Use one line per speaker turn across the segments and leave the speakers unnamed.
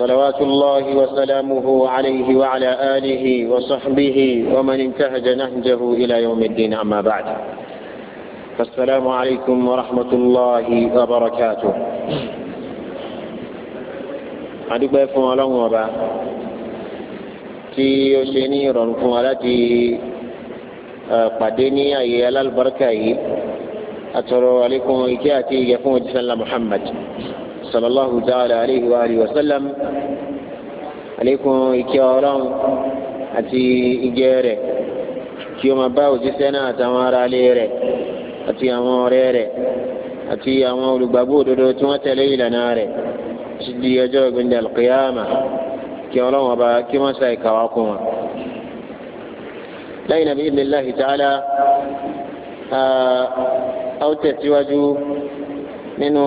صلوات الله وسلامه عليه وعلى آله وصحبه ومن انتهج نهجه إلى يوم الدين أما بعد فالسلام عليكم ورحمة الله وبركاته أدب يفهم الله وبا تي يوشيني رنكم على تي آه، قديني أي ألال بركاي أترو عليكم ويكياتي يفهم محمد محمد sallallahu ta'ala alayhi wa alihi wa sallam àlékún ìkẹ́ ọlọ́run àti ìgẹ́ rẹ̀ kí ó máa bá òjíṣẹ́ náà àtàwọn ará ilé rẹ̀ àti àwọn ọ̀rẹ́ rẹ̀ àti àwọn olùgbàgbọ́ òdodo tí wọ́n tẹ̀lé ìlànà rẹ̀ ti di ọjọ́ ìgbìndẹ̀ alqiyama kí ọlọ́run ọba kí wọ́n sa ìkàwá kún wọn. lẹ́yìn nàbí idhnillahi ta'ala a ó tẹ̀síwájú nínú.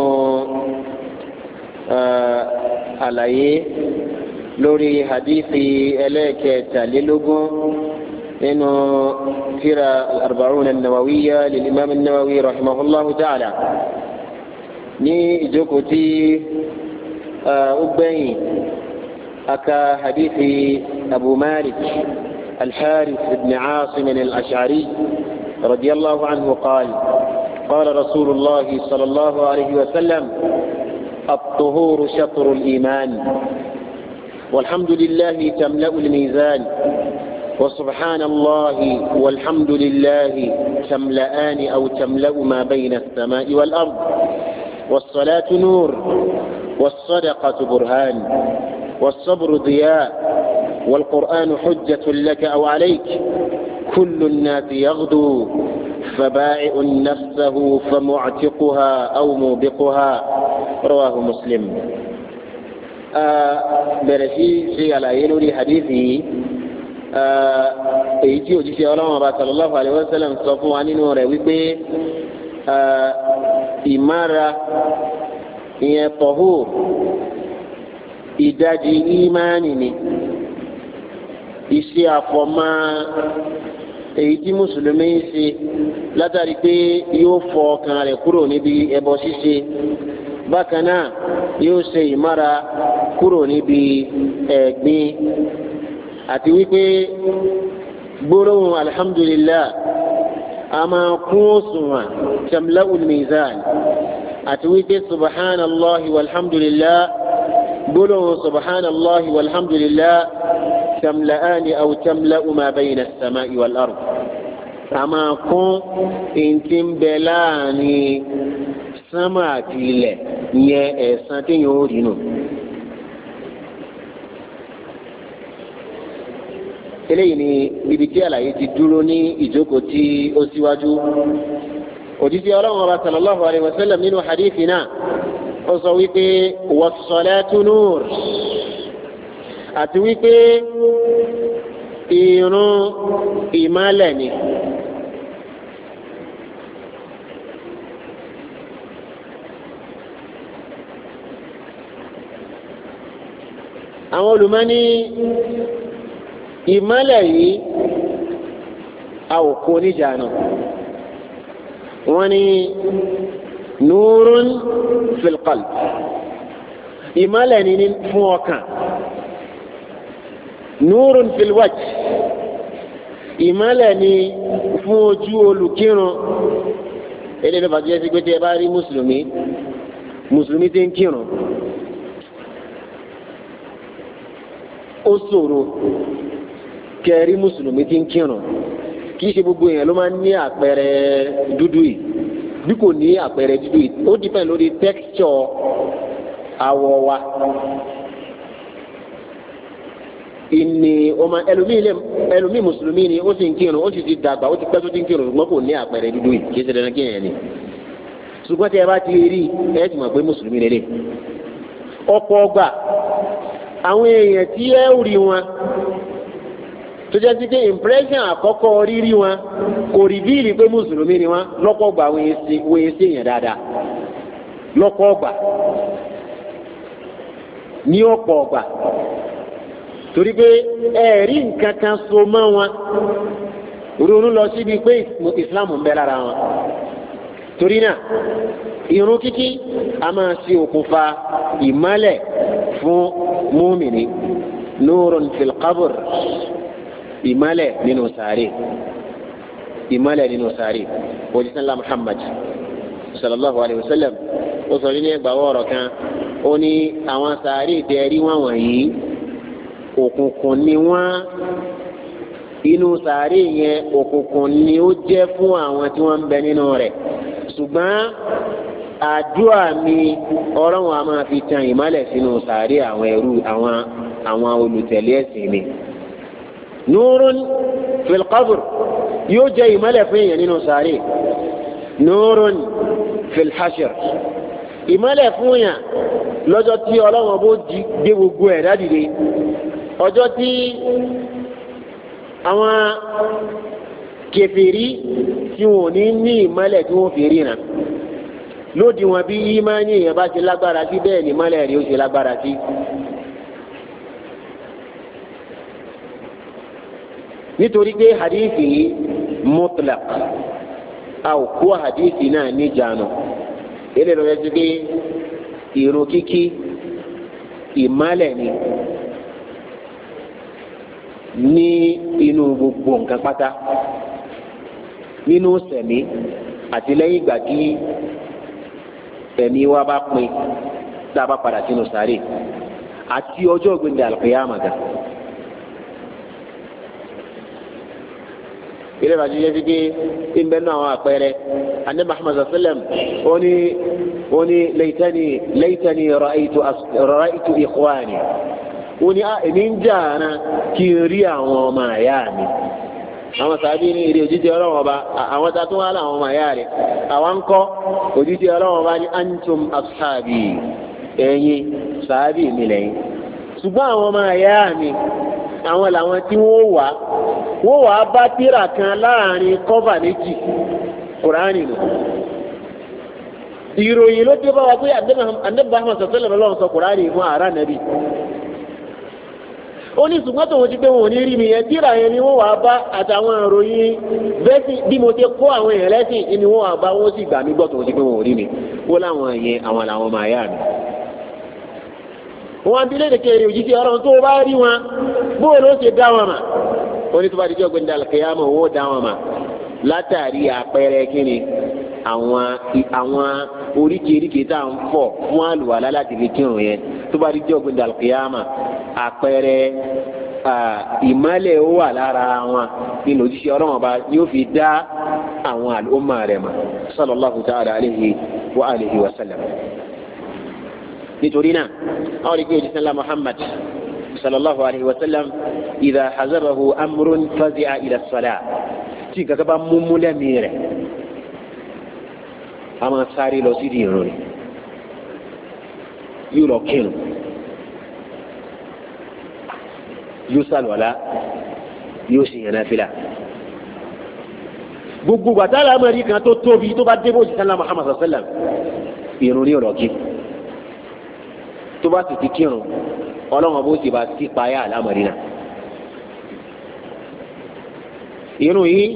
àlàyé lórí hadithi ẹlẹ́ẹ̀kẹtàlélógún nínú tírà al-arba'un an-nawawiyya lil-imam an-nawawi rahimahullahu ta'ala ní ìjókòó tí ó gbẹ̀yìn aka hadithi abu malik al-harith ibn asim al-ash'ari radiyallahu anhu qala qala rasulullah sallallahu alayhi wa sallam. الطهور شطر الإيمان والحمد لله تملأ الميزان وسبحان الله والحمد لله تملأان أو تملأ ما بين السماء والأرض والصلاة نور والصدقة برهان والصبر ضياء والقرآن حجة لك أو عليك كل الناس يغدو فبائع نفسه فمعتقها أو موبقها رواه مسلم. برشي sí على ينوري حديثي. hadithi yìí ah, èyí tí òjíṣẹ́ ọlọ́run ọba sallallahu alaihi wasallam sọ fún wa nínú rẹ̀ wípé ah, ìmára ìyẹn pọ̀hù ìdajì ìmánì ni iṣẹ́ àfọ̀mọ́ èyí tí mùsùlùmí ń ṣe látàrí pé yóò fọ ọkàn rẹ̀ kúrò níbi ẹbọ ṣíṣe bákan náà yóò ṣe ìmára kúrò níbi ẹ̀gbin àti wípé gbólóhùn alhamdulillah a máa kún òṣùwọ̀n tamla'ul mizan àti wípé subhanallah walhamdulillah gbólóhùn subhanallah walhamdulillah tamla'ani aw tamla'u ma bayna as-sama'i wal a máa kún ìntì ń àti ilẹ̀ ìyẹn ẹ̀san téèyàn ó rí nù. eléyìí ni ibi tí àlàyé ti dúró ní ìjókòó tí ó síwájú òjijì ọlọ́run ọba sallallahu alayhi wa sallam nínú hadithi náà ó sọ wípé was-salatu nur àti wípé irun ìmálẹ̀ ni. àwọn olùmọ̀ ní ìmọ́lẹ̀ yìí a ò kó níjà náà wọ́n ní nurun fil qalb ìmọ́lẹ̀ ní fún ọkàn nurun fil wajh ìmọ́lẹ̀ ní fún ojú olùkírun eléyìí ló bá jẹ́ pé tí ẹ bá rí mùsùlùmí mùsùlùmí ti ń kírun. ó ṣòro kẹrí mùsùlùmí ti ń kírun kì í ṣe gbogbo èèyàn ló máa ń ní àpẹẹrẹ dúdú yìí bí kò ní àpẹẹrẹ dúdú yìí ó dìpẹ́ lórí texture awọ wa ìní ọmọ ẹlòmíì lè ẹlòmíì mùsùlùmí ni ó sì ń kírun ó sì ti dàgbà ó ti pẹ́ tó ti ń kírun ṣùgbọ́n kò ní àpẹẹrẹ dúdú yìí kì í ṣe dandan kí èèyàn ni ṣùgbọ́n tí ẹ bá ti rí ẹ ti mọ̀ pé mùsùlùmí lélẹ̀ ọ̀pọ̀ ọgbà àwọn èèyàn tí ẹ ò rí wọn tó jẹ́ sí pé impression àkọ́kọ́ rírí wọn kò rí bíìlì pé mùsùlùmí ni wọn lọ́pọ̀ gbà wọ́n sí èèyàn dáadáa lọ́pọ̀ gbà ní ọ̀pọ̀ torí pé nǹkan kan so mọ́ wọn ronú lọ síbi Islam ń bẹ lára wọn torí náà irun kíkí a máa ṣe múmìnì nurun fil qabr ìmálẹ̀ nínú sàárè ìmálẹ̀ nínú sàárè òjísàlá muhammad sallallahu alayhi wa sallam ó sọ nínú ẹgbàá ọ̀rọ̀ kan ó ní àwọn sàárè dẹ́rí wọn wọ̀nyí òkùnkùn ni wọ́n inú sàárè yẹn òkùnkùn ni ó jẹ́ fún àwọn tí wọ́n ń bẹ nínú rẹ̀ ṣùgbọ́n àdúrà mi ọlọ́run a máa fi tan ìmọ́lẹ̀ sínú sàárè àwọn ẹrú àwọn àwọn olùtẹ̀lé ẹ̀sìn mi nurun fil qabr yóò jẹ́ ìmọ́lẹ̀ fún èèyàn nínú sàárè nurun fil hashr ìmọ́lẹ̀ fún yàn lọ́jọ́ tí ọlọ́run bó gbé gbogbo ẹ̀ dádìde ọjọ́ tí àwọn kèfèrí tí wọn ò ní ní ìmọ́lẹ̀ tí wọ́n fi ríran lódì wọn bí ìmánì èèyàn bá ti lágbára sí bẹ́ẹ̀ ni mọ́lẹ̀ rí ó ṣe lágbára sí. nítorí pé hadithi yìí mutlaq a ò kó hadithi náà níjànú eléyìí lọ́jọ́ sí pé ìró kíkí ìmọ́lẹ̀ ni ní inú gbogbo nǹkan pátá nínú sẹ̀mí àti lẹ́yìn ìgbà kí ẹ̀mí wa bá pin tá a bá padà sínú sáré àti ọjọ́ gbẹ̀ndẹ̀ àlùkìyàmà gan. ilé ìbàdí yẹn ti gé ìbẹ́ nù àwọn àpẹẹrẹ àní Muhammad sallam ó ní ó ní laytani laytani ra'aytu ra'aytu ikhwani ó ní ah, èmi ń jà ara kí n rí àwọn ọmọ àyà mi àwọn sàbí ní èrè òjijì ọlọ́run ọba àwọn tá a tún wá láwọn ọmọ ẹ̀yà rẹ̀ àwa ń kọ́ òjijì ọlọ́run ọba ní antum ashabi ẹ̀yin sàbí mi lẹ́yìn ṣùgbọ́n àwọn ọmọ ẹ̀yà mi àwọn làwọn tí wọ́n wà wọ́n wà bá tírà kan láàrin kọ́fà méjì kùránì nù ìròyìn ló dé bá wa pé àdébàmọ̀ sọ̀tẹ́lẹ̀ lọ́wọ́ sọ kùránì fún àrà nàbì ó ní ṣùgbọ́n tòun ti pé wọn ò ní rí mi yẹn tíra yẹn ni wọ́n wàá bá àtàwọn ìròyìn bẹ́sì bí mo ti kó àwọn èèyàn lẹ́sìn ni wọ́n wàá bá wọ́n sì gbà mí gbọ́ tòun ti pé wọn ò rí mi wọ́n láwọn yẹn àwọn làwọn máa yá mi. wọn abilé de kéré òjijì ọ̀rọ̀ tó o bá rí wọn bóyá ló ṣe dá wọn mà ó ní tó bá di jọ́ wọ́n dá wọn mà látàrí àpẹẹrẹ kíni àwọn àwọn oríkèéríkèé tá à ń fọ̀ fún àlùwàlá láti fi kírun yẹn tó bá di jọ́ gbẹ̀ndà àpẹẹrẹ ìmọ̀lẹ̀ ó wà lára wọn nínú ojúṣe ọlọ́wọ́n bá yóò fi dá àwọn àlùmọ̀ rẹ̀ mọ̀ sallallahu ta'ala alayhi wa alihi wa sallam. nítorí náà àwọn ìgbé ojúṣe ńlá Muhammad sallallahu alayhi wa sallam idha hazarahu amrun fazi'a ila salah tí nǹkan kan bá múmú lẹ́mìí rẹ̀ a máa sáré lọ sí ìrìn rẹ̀ yóò lọ kírun. yóò sàlùwàlá yóò sì yànnà fìlà gbogbo gbàtà làmàrí kan tó tóbi tó bá débò òṣìṣẹ́ ńlá Muhammad sallam irun ní ọ̀rọ̀ kí tó bá sì ti kírun ọlọ́run bó ti bá sí payá àlámàrí náà irun yìí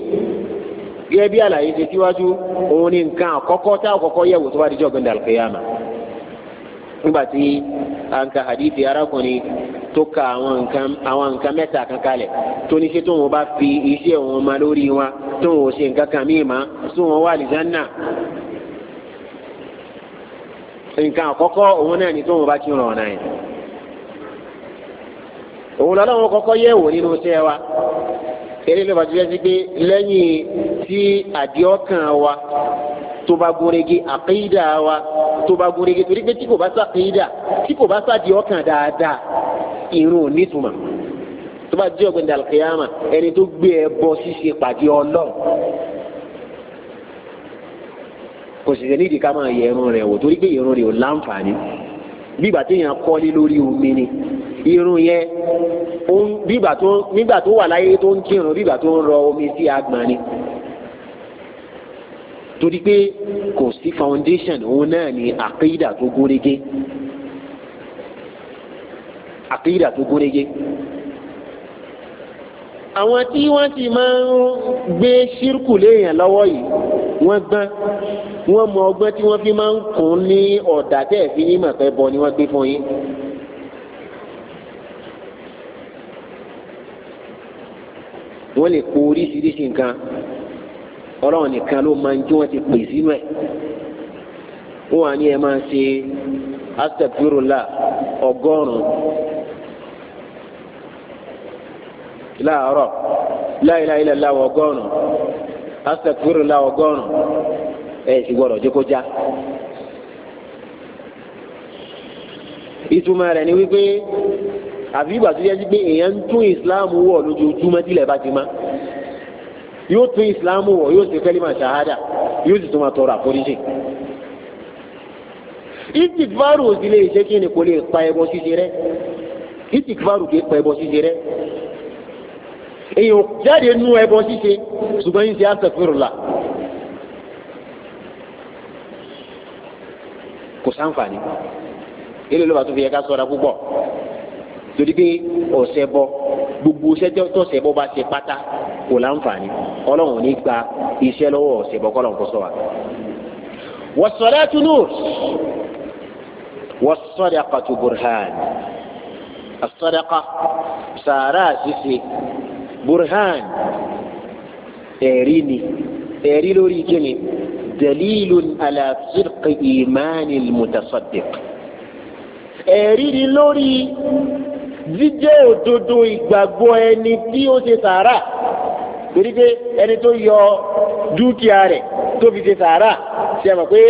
gẹ́gẹ́ bí àlàyé ṣe síwájú òun ni nǹkan àkọ́kọ́ tá àkọ́kọ́ yẹ̀wò tó bá di jọ́ gbẹ̀ndà nígbà tí a ń arákùnrin tó ka àwọn nǹkan àwọn nǹkan mẹ́ta kan kalẹ̀ ṣe tó wọn bá fi iṣẹ́ wọn ma lórí wọn tó wọn ṣe nǹkan kan míì mọ́ tó wọn wà nǹkan ni tó wọn bá ti òun kọ́kọ́ wò nínú iṣẹ́ wa eré ló bàtí pé lẹ́yìn wa tó bá gúnrégé àkéyídà wa tó bá gúnrégé torí pé tí kò bá sàkéyídà irun ò nítumọ̀ tó bá jẹ́ ọ̀gbìn dàlùkìyàmà ẹni tó gbé ẹ bọ ṣíṣe pàdé ọlọ́run kò sì sẹ́ni ìdí ká máa yẹ irun rẹ̀ wò torí pé irun rẹ̀ ò láǹfààní bí ìgbà téèyàn kọ́lé lórí omi ni irun yẹn nígbà tó wà láyé tó ń kírun bí ìgbà tó ń rọ omi sí agbọ̀n ni torí pé kò sí foundation òun náà ni àkéyídà tó gúnrégé àkídà tó gúnrégé àwọn tí wọ́n ti máa ń gbé ṣírkù léèyàn lọ́wọ́ yìí wọ́n gbọ́n wọ́n mọ ọgbọ́n tí wọ́n fi máa ń kún ní ọ̀dà tẹ́ fi ní màfẹ́ bọ ni wọ́n gbé fún yín. wọ́n lè kó oríṣiríṣi nǹkan ọlọ́run nìkan ló máa ń jí wọ́n ti pè sínú ẹ̀ wọ́n wà ní ẹ máa ṣe astagfirullah ọgọ́rùn-ún. láàárọ̀ láìláì lẹ́la ọgọ́rùn-ún asẹ̀kúrò la ọgọ́rùn-ún ẹ̀ sì gbọ́dọ̀ jẹ́ kó já. ìtumọ̀ rẹ̀ ni wípé àfi ìgbà tó yẹ pé èèyàn ń tún islam wọ̀ lójoojúmọ́ tilẹ̀ bá ti má yóò tún islam wọ̀ yóò sì kẹ́lí máa ṣàhádà yóò sì tún máa tọrọ àforíjì ìtìkfàrù òsì lè ṣe kí ni kò lè pa ẹbọ ṣíṣe rẹ ìtìkfàrù kì í pa ẹbọ ṣíṣe rẹ èèyàn jáde nú ẹbọ ṣíṣe ṣùgbọ́n yìí ṣe àṣẹfúrùlà kò sáǹfààní ilé ló bá tó fi yẹ ká ṣọ́ra púpọ̀ torí pé ọ̀sẹ̀ bọ gbogbo iṣẹ́ tọ̀sẹ̀ bọ bá ṣe pátá kò láǹfààní ọlọ́run ní gba iṣẹ́ lọ́wọ́ ọ̀sẹ̀ bọ kọ́lọ́run kó ṣọ́ wa. والصلاة نور والصدقة برهان الصدقة سارا سيسي burhan ẹ̀rí ni ẹ̀rí lórí kíni dalilun ala sidqi imanil mutasaddiq ẹ̀rí ni lórí jíjẹ́ òdodo ìgbàgbọ́ ẹni tí ó ṣe sàárà torí pé ẹni tó yọ dúkìá rẹ̀ tó fi ṣe sàárà ṣe mọ̀ pé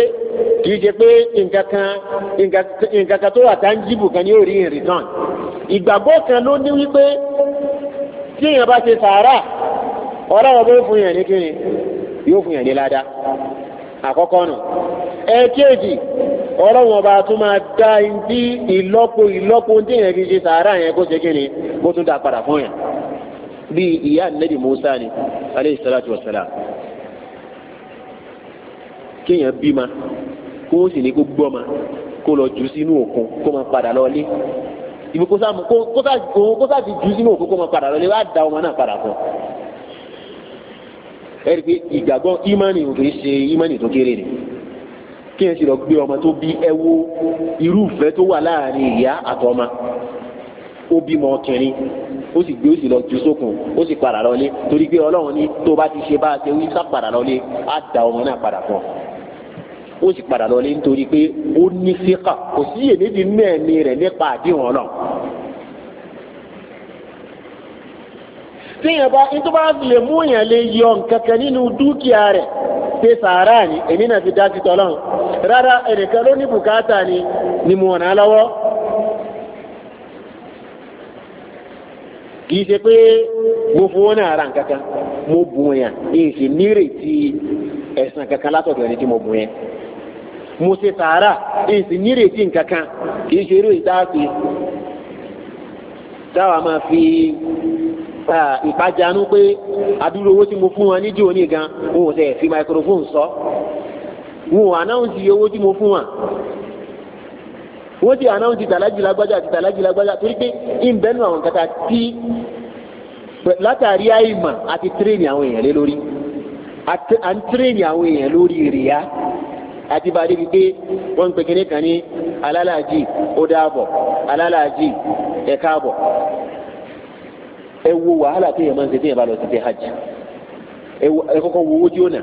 kì í ṣe pé nǹkan kan tó wà tá ń jìbù kan ní orí in ìgbàgbọ́ kan ló ní wípé tí bá ṣe sàárà ọlọ́wọ́ bó fún yàn ní kíni yóò fún yàn ní ládá àkọ́kọ́ nù ẹ̀kẹ́jì ọlọ́wọ́n bá tó máa dá ní ìlọ́po ìlọ́po tí èèyàn fi ṣe sàárà yẹn kó ṣe kíni bó tún dá padà fún yàn bí ìyá nẹ́bí Musa ni lọ jù sínú òkun kó máa padà lọ lé ibi kó sá òun ti jù sínú òkú kó máa padà lọ lè wá da ọmọ náà padà fún ẹ rí ìgbàgbọ́ ìmánì ò kìí ṣe ìmánì tó kéré ni kí ẹ sì lọ gbé ọmọ tó bí ẹ wo irúfẹ́ tó wà láàrin ìyá àtọmọ ó bímọ ọkùnrin ó sì gbé ó sì lọ ju sókun ó sì padà lọlé torí pé ọlọ́run ní tó bá ti ṣe bá a ṣe wí sá padà lọlé á da ọmọ náà padà fún ọ ó sì padà lọlé nítorí pé ó ní síkà kò sí iyèméjì mẹ́ẹ̀mí rẹ̀ nípa àdéhùn ọ̀nà. téèyàn bá ní tó bá lè mú yàn lè yọ nǹkan nínú dúkìá rẹ̀ pé sàárà ni èmi náà fi dá sí tọ́lọ́n rárá ẹnìkan ló ní bùkátà ni ni mo ràn án lọ́wọ́. kìí ṣe pé mo fowó náà ra nǹkan kan mo bùn yàn èsì nírètí ẹ̀sán kankan látọ̀dọ̀ ẹni tí mo bùn yẹn mo ṣe sàárà èsì nírètí nkankan kìí ṣe eré ìdáàbì táwa máa fi ìpájánu pé adúlọ owó tí mo fún wọn níjó ní gan wọn ò tẹ̀ fi microphone sọ wọn ò anáwùsì owó tí mo fún wọn wọ́n ti ànáwó ti tàlájì lágbájá àti tàlájì lágbájá torí pé ìbẹ́nu àwọn kata tí látàrí àìmọ̀ àti tírèèni àwọn èèyàn lé lórí à tírèèni àwọn èèyàn lórí rìá àti bá a débi pé wọ́n ń pè kíní kan ní alálàájì ó dáàbọ̀ alálàájì ẹ káàbọ̀ ẹ wo wàhálà téèyàn máa ń ṣe téèyàn bá lọ sí ṣe hajj ẹ kọ́kọ́ wo owó tí ó nà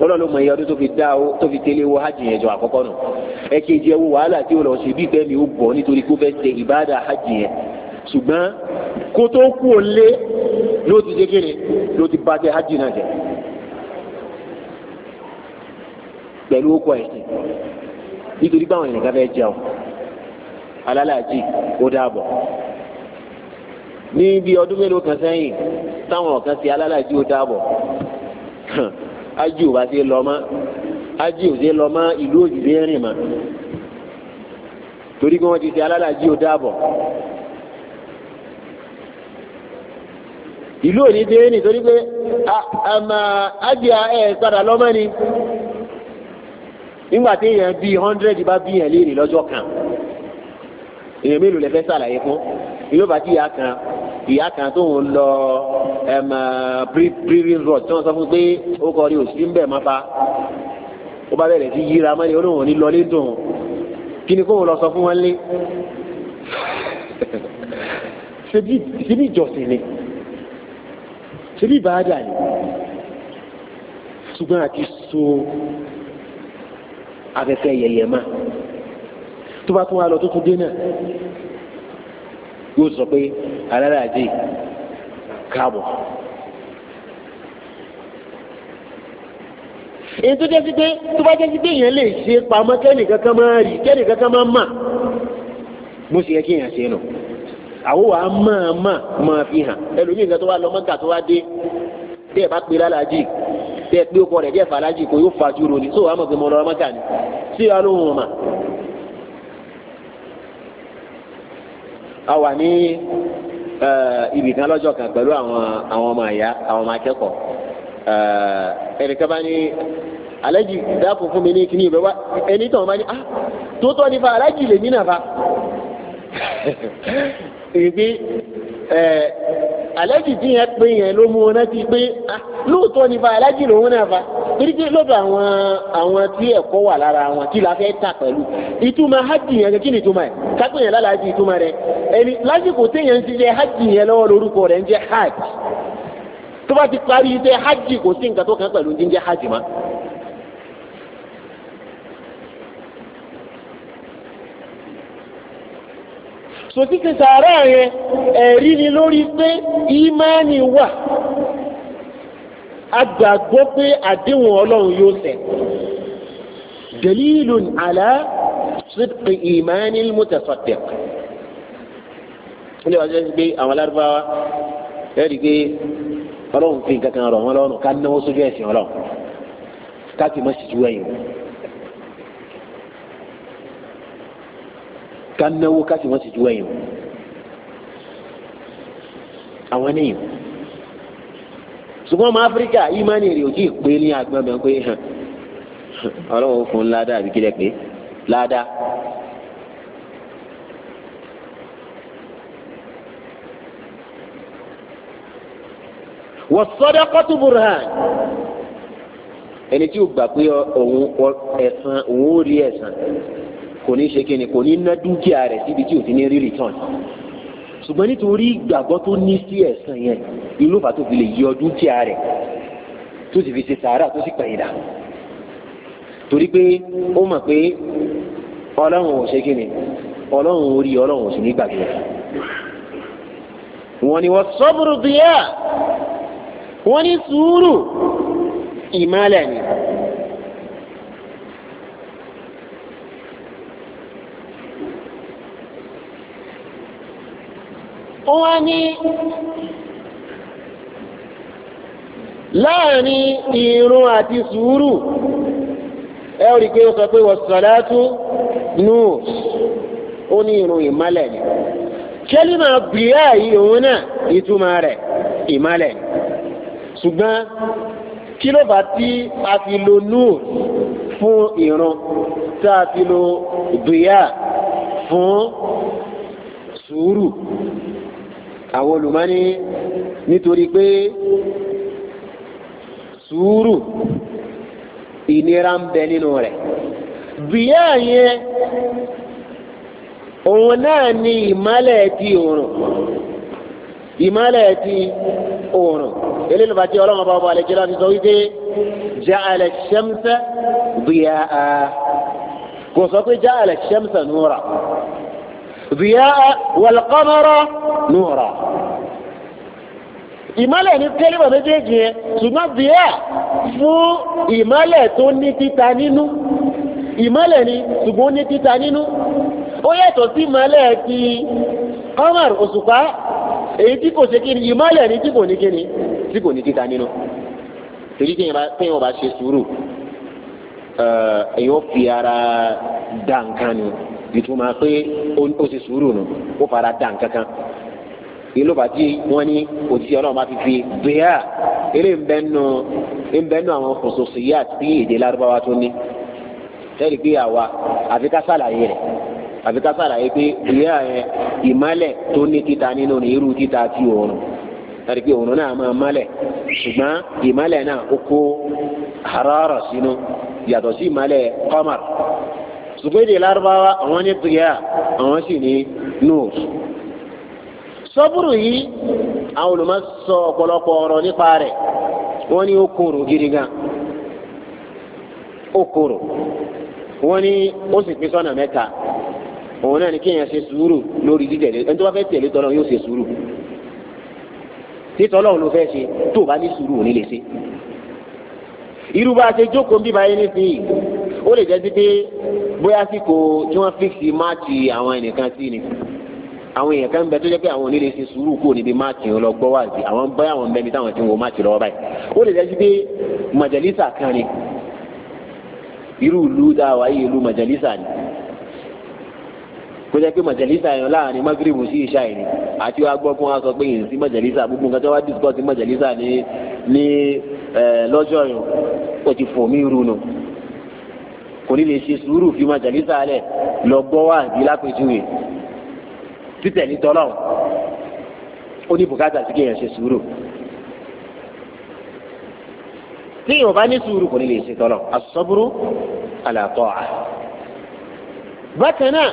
lọ́lọ́lọ́ mọ̀ iye ọdún tó fi dá o tẹ́lẹ̀ wọ hajj yẹn jọ àkọ́kọ́ nù ẹ kejì ẹ wàhálà tí ó lọ sí bí bẹ́ẹ̀ mi ó bọ̀ nítorí kó fẹ́ ṣe ìbáàdà hajj yẹn ṣùgbọ́n kó tó kú ó lé ló ti ṣe kéde ló ti bá ṣe hajj náà jẹ́ pẹ̀lú ó ẹ̀sìn nítorí báwọn ènìyàn káfẹ́ jẹun alálàájì ó dáàbọ̀ ní ọdún mélòó kan sẹ́yìn táwọn ọ̀kan sí alálàájì ó dáàbọ̀ ájì ò bá ṣe lọ mọ́ ájì ò ṣe lọ mọ́ ìlú òjìlé rìn mọ́ torí pé wọ́n ti ṣe alálàájì ó dáàbọ̀. ìlú òní dé nítorí pé ah, àmà nígbà tí èèyàn bíi hundred bá bí yàn léèrè lọ́jọ́ kan èèyàn mélòó lè fẹ́ ṣàlàyé fún yóò bá ti ìyá kan ìyá kan tó ń lọ breathing uh, rod tí wọ́n sọ fún pé ó kọ rí òsì ń bẹ̀ máa fa ó bá bẹ̀rẹ̀ sí yíra mọ́lẹ̀ olóhùn ní lọ lédùn kí ni kó wọn lọ sọ fún wọn lé ṣebí ìjọsìn ni ṣebí ìbáradà ni ṣùgbọ́n àti so afẹ́fẹ́ yẹyẹ mọ́ tó bá tún wá lọ tó tún dé náà yóò sọ pé alálàájì káàbọ̀. èyí tó jẹ́ sí pé tó bá jẹ́ sí pé èèyàn lè ṣe pamọ́ kẹ́nì kankan máa rí kẹ́nì kankan máa mà mo sì yẹ kí èèyàn ṣe nù àwọn wàá máa máa fi hàn ẹlòmíì nǹkan tó wá lọ mọ́tà tó wá dé bí ẹ bá pe lálàájì tẹ pé ó kọ rẹ̀ jẹ́ kò yóò fa júro ni so àmọ̀ pé mo lọ́ọ́ mọ́kà ni sí wa ló ń mà. a wà ní eh, ibìkan lọ́jọ́ kan pẹ̀lú àwọn àwọn ọmọ àyà àwọn ọmọ akẹ́kọ̀ọ́ eh, ẹnìkan bá ní alájì dáàbò fún mi ní kíní ìbẹ́wá ẹni tàn bá ní ah tótọ́ ní fa alájì lè mí náà fa alájì tí yẹn pé yẹn ló mú wọn ti pé ah, lóòótọ́ ni fa alájì lòun náà fa torí pé lọ́dọ̀ àwọn àwọn tí ẹ̀kọ́ wà lára wọn kí la fẹ́ tà pẹ̀lú ìtumọ̀ hajj yẹn kí ni ìtumọ̀ yẹn kápẹ́ yẹn lálàájì ìtumọ̀ rẹ ẹni lásìkò téèyàn ti jẹ hajj yẹn lọ́wọ́ lórúkọ rẹ̀ ń jẹ hajj tó bá ti parí iṣẹ́ hajj kò sí nǹkan tó kàn pẹ̀lú jíjẹ hajj mọ́ sòtítì sàárà yẹn ẹ̀rí ni lórí pé ìmáàni wà a gbàgbọ́ pé àdéhùn ọlọ́run yóò ṣẹ dalilun ala sidqi ìmáàni mutasaddiq ilé wàá jẹ́ pé àwọn alárúbáwá ẹ̀rí pé ọlọ́run fi nǹkan kan rọ̀ wọ́n lọ́rùn ká náwó sójú ẹ̀sìn ọlọ́run ká sì má sì ju ẹ̀yìn ká náwó ká sì wọ́n sì ju ẹ̀yìn àwọn ènìyàn ṣùgbọ́n ọmọ áfíríkà ìmánì rẹ̀ ò tí ì pé ní agbọ́n bẹ́ẹ̀ pé hàn ọlọ́wọ́ fún ládàá àbí kílẹ̀ pé ládàá. wọ́sọ́dọ́kọ́tù burhan ẹni tí ó gbà pé òun ẹ̀sán òun ó rí ẹ̀sán kò ní ṣe kí ni kò ní ná dúkìá rẹ̀ síbi tí ò ti ní rí return ṣùgbọ́n nítorí ìgbàgbọ́ tó ní sí ẹ̀sán yẹn ìlú fà tó fi lè yọ dúkìá rẹ̀ tó sì fi ṣe sàárà tó sì pẹ̀yìndà torí pé ó mọ̀ pé ọlọ́run ò ṣe kí ni ọlọ́run orí ọlọ́run ò sì ní gbàgbé wọ́n ní wọ́n sọ́bùrù bíyà wọ́n ní sùúrù ìmọ̀lẹ̀ ni. wá ní láàrin ìrun àti sùúrù ẹ rí pé ó sọ pé wọ̀sọ̀látú nù ó ní ìrun ìmálẹ̀ ni kẹ́límà bìíyà yìí òun náà ìtumọ̀ rẹ̀ ìmálẹ̀ ni ṣùgbọ́n kí ló bá tí a fi lo nù fún ìrun tá a fi lo bìíyà fún sùúrù àwọn olùmọ́ni nítorí pé sùúrù ìnira ń bẹ nínú rẹ̀ bíyà yẹn òun náà ni ìmọ́lẹ̀ ti òòrùn ìmọ́lẹ̀ ti òòrùn eléyìí ló bá jẹ́ ọlọ́run ọba ọba àlejò láti sọ wípé ja'ala ash-shamsa diya'a kò sọ pé ja'ala ash-shamsa nura diya'a wal qamara ìmọ́lẹ̀ ní kẹ́lẹ́bà méjèèjì yẹn ṣùgbọ́n bíẹ́ fún ìmọ́lẹ̀ tó ní títa nínú ìmọ́lẹ̀ ni ṣùgbọ́n ní títa nínú ó yàtọ̀ sí ìmọ́lẹ̀ ti kọ́mọ̀r òṣùpá èyí tí kò ṣe kí ni ìmọ́lẹ̀ ni tí kò ní kí ni tí kò ní títa nínú torí tí èèyàn bá ṣe sùúrù èèyàn ni ìtumọ̀ pé ó ṣe sùúrù nù ó fara dá nǹkan kan ìlú bàtí wọn ní òtítí ọlọ́run bá fi fi bíyà eré ńbẹ́nu ńbẹ́nu àwọn kòsòsìyà tí èdè lárúbáwá tó ní sẹ́ẹ̀rì pé àwa àfi ká sàlàyé rẹ̀ àfi ká sàlàyé pé bíyà yẹn ìmálẹ̀ tó ní títa nínú ní irú títa ti òòrùn sẹ́ẹ̀rì pé òòrùn náà máa málẹ̀ ṣùgbọ́n ìmálẹ̀ náà ó kó harara sínú yàtọ̀ sí ìmálẹ̀ kọ́mà ṣùgbọ́n èdè lárúbáwá àwọn ní bíyà àwọn sì ní nùs sọ́bùrù yìí àwọn olùmọ̀ sọ ọ̀pọ̀lọpọ̀ ọ̀rọ̀ nípa rẹ̀ wọ́n ní ó korò gidi gan ó korò wọ́n ní ó sì pín sọ́nà mẹ́ta òun náà ni kéèyàn ṣe sùúrù lórí dídẹ̀lé ẹni tó bá fẹ́ tẹ̀lé tọ́lọ́ yóò ṣe sùúrù títọ́ lọ́wọ́ ló fẹ́ ṣe tó o bá ní sùúrù òní lè ṣe irú bá a ṣe jókòó bíbá yẹn nísìnyí ó lè jẹ́ sí pé bóyá síkò tí wọ́n fíìsì máàtì àwọn ẹnìkan sí ni àwọn èèyàn kan bẹ tó jẹ́ pé àwọn onílé ṣe sùúrù kúrò níbi máàkì wọn lọ gbọ́ wá sí àwọn bá àwọn bẹ́ẹ̀ mi táwọn ti ń wo máàkì lọ́wọ́ báyìí ó lè dájú pé màjàlísà kan ni irú ìlú tá a yìí ìlú màjàlísà ni kó jẹ́ pé màjàlísà yẹn láàrin magrib sí ìṣá yìí ni àti wàá gbọ́ fún wa sọ pé yìí sí màjàlísà gbogbo nǹkan tó wá discuss màjàlísà ní ní lọ́jọ́ yìí ó ti fò mí irú nù kò ní lè ṣe sùúrù fi màjàlísà lẹ̀ lọ títẹ̀lé tọ́lọ́ ó ní bùkátà sí kéèyàn ṣe sùúrù téèyàn bá ní sùúrù kò ní lè ṣe tọ́lọ́ àsọ́búrú àlàtọ́ à. bákan náà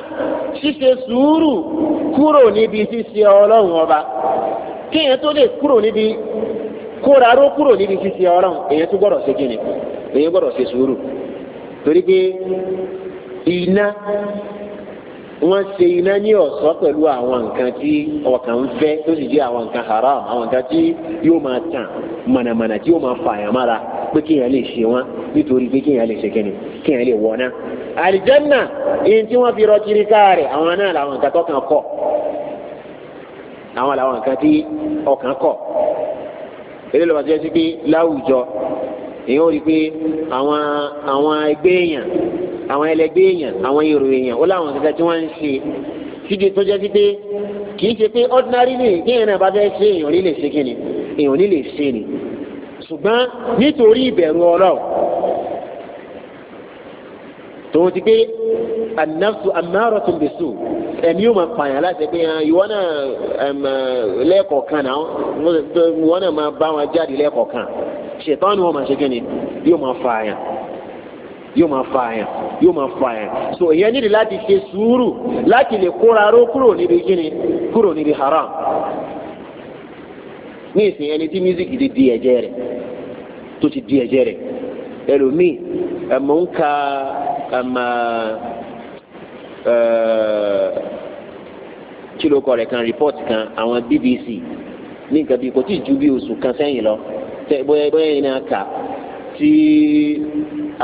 ṣíṣe sùúrù kúrò níbi ṣíṣe ọlọ́run ọba kéèyàn tó lè kúrò níbi kóra ró kúrò níbi ṣíṣe ọlọ́run èyàn tó gbọ́dọ̀ ṣe kíni èyàn gbọ́dọ̀ ṣe sùúrù torí pé iná wọ́n ṣe iná ní ọ̀ṣọ́ pẹ̀lú àwọn nǹkan tí ọkàn ń fẹ́ tó sì jẹ́ àwọn nǹkan haram àwọn nǹkan tí yóò máa tàn mànàmáná tí yóò máa fà yàn mára pé kéèyàn lè ṣe wọn nítorí pé kéèyàn lè ṣe kẹ́ni kéèyàn lè wọ́n náà. àlìjánná tí wọ́n fi rọ kiri káàrẹ̀ àwọn náà làwọn nǹkan tọkàn kọ̀ àwọn làwọn nǹkan tí ọkàn kọ̀ eré lọ́wọ́ ti yẹ sí pé láwùjọ èèyàn rí pé àwọn àwọn ẹgbẹ́ àwọn ẹlẹgbẹ́ èèyàn àwọn èrò èèyàn ó láwọn kankan tí wọ́n ń ṣe síbi tó jẹ́ sí kì í ṣe pé ordinary ni kéèyàn náà bá fẹ́ ṣe èèyàn ní lè ṣe kí ni èèyàn ní lè ṣe ni ṣùgbọ́n nítorí ìbẹ̀rù ọlọ́ọ̀ tòun ti pé anafsu amáratun bisu ẹ̀mí yóò máa pààyàn láti pé ah, ìwọ náà eh, lẹ́ẹ̀kọ̀ọ̀kan náà ìwọ náà máa bá wọn jáde lẹ́ẹ̀kọ̀ọ̀kan ṣètọ́ ni máa ṣe kí ni yóò máa fààyàn yóò máa fa àyàn yóò máa fa àyàn so èèyàn nílò láti ṣe sùúrù láti lè kóra ró kúrò níbi kíni kúrò níbi haram ní ìsìn ẹni tí mísíkì ti di ẹ̀jẹ̀ rẹ̀ tó ti di ẹ̀jẹ̀ rẹ̀ ẹlòmíì ẹ̀mọ̀ ń ka ẹ̀mọ̀ kílókọ̀ rẹ̀ kan report kan àwọn BBC ní nǹkan bíi kò tí ì ju bí oṣù kan sẹ́yìn lọ bóyá bóyá yìí náà kà tí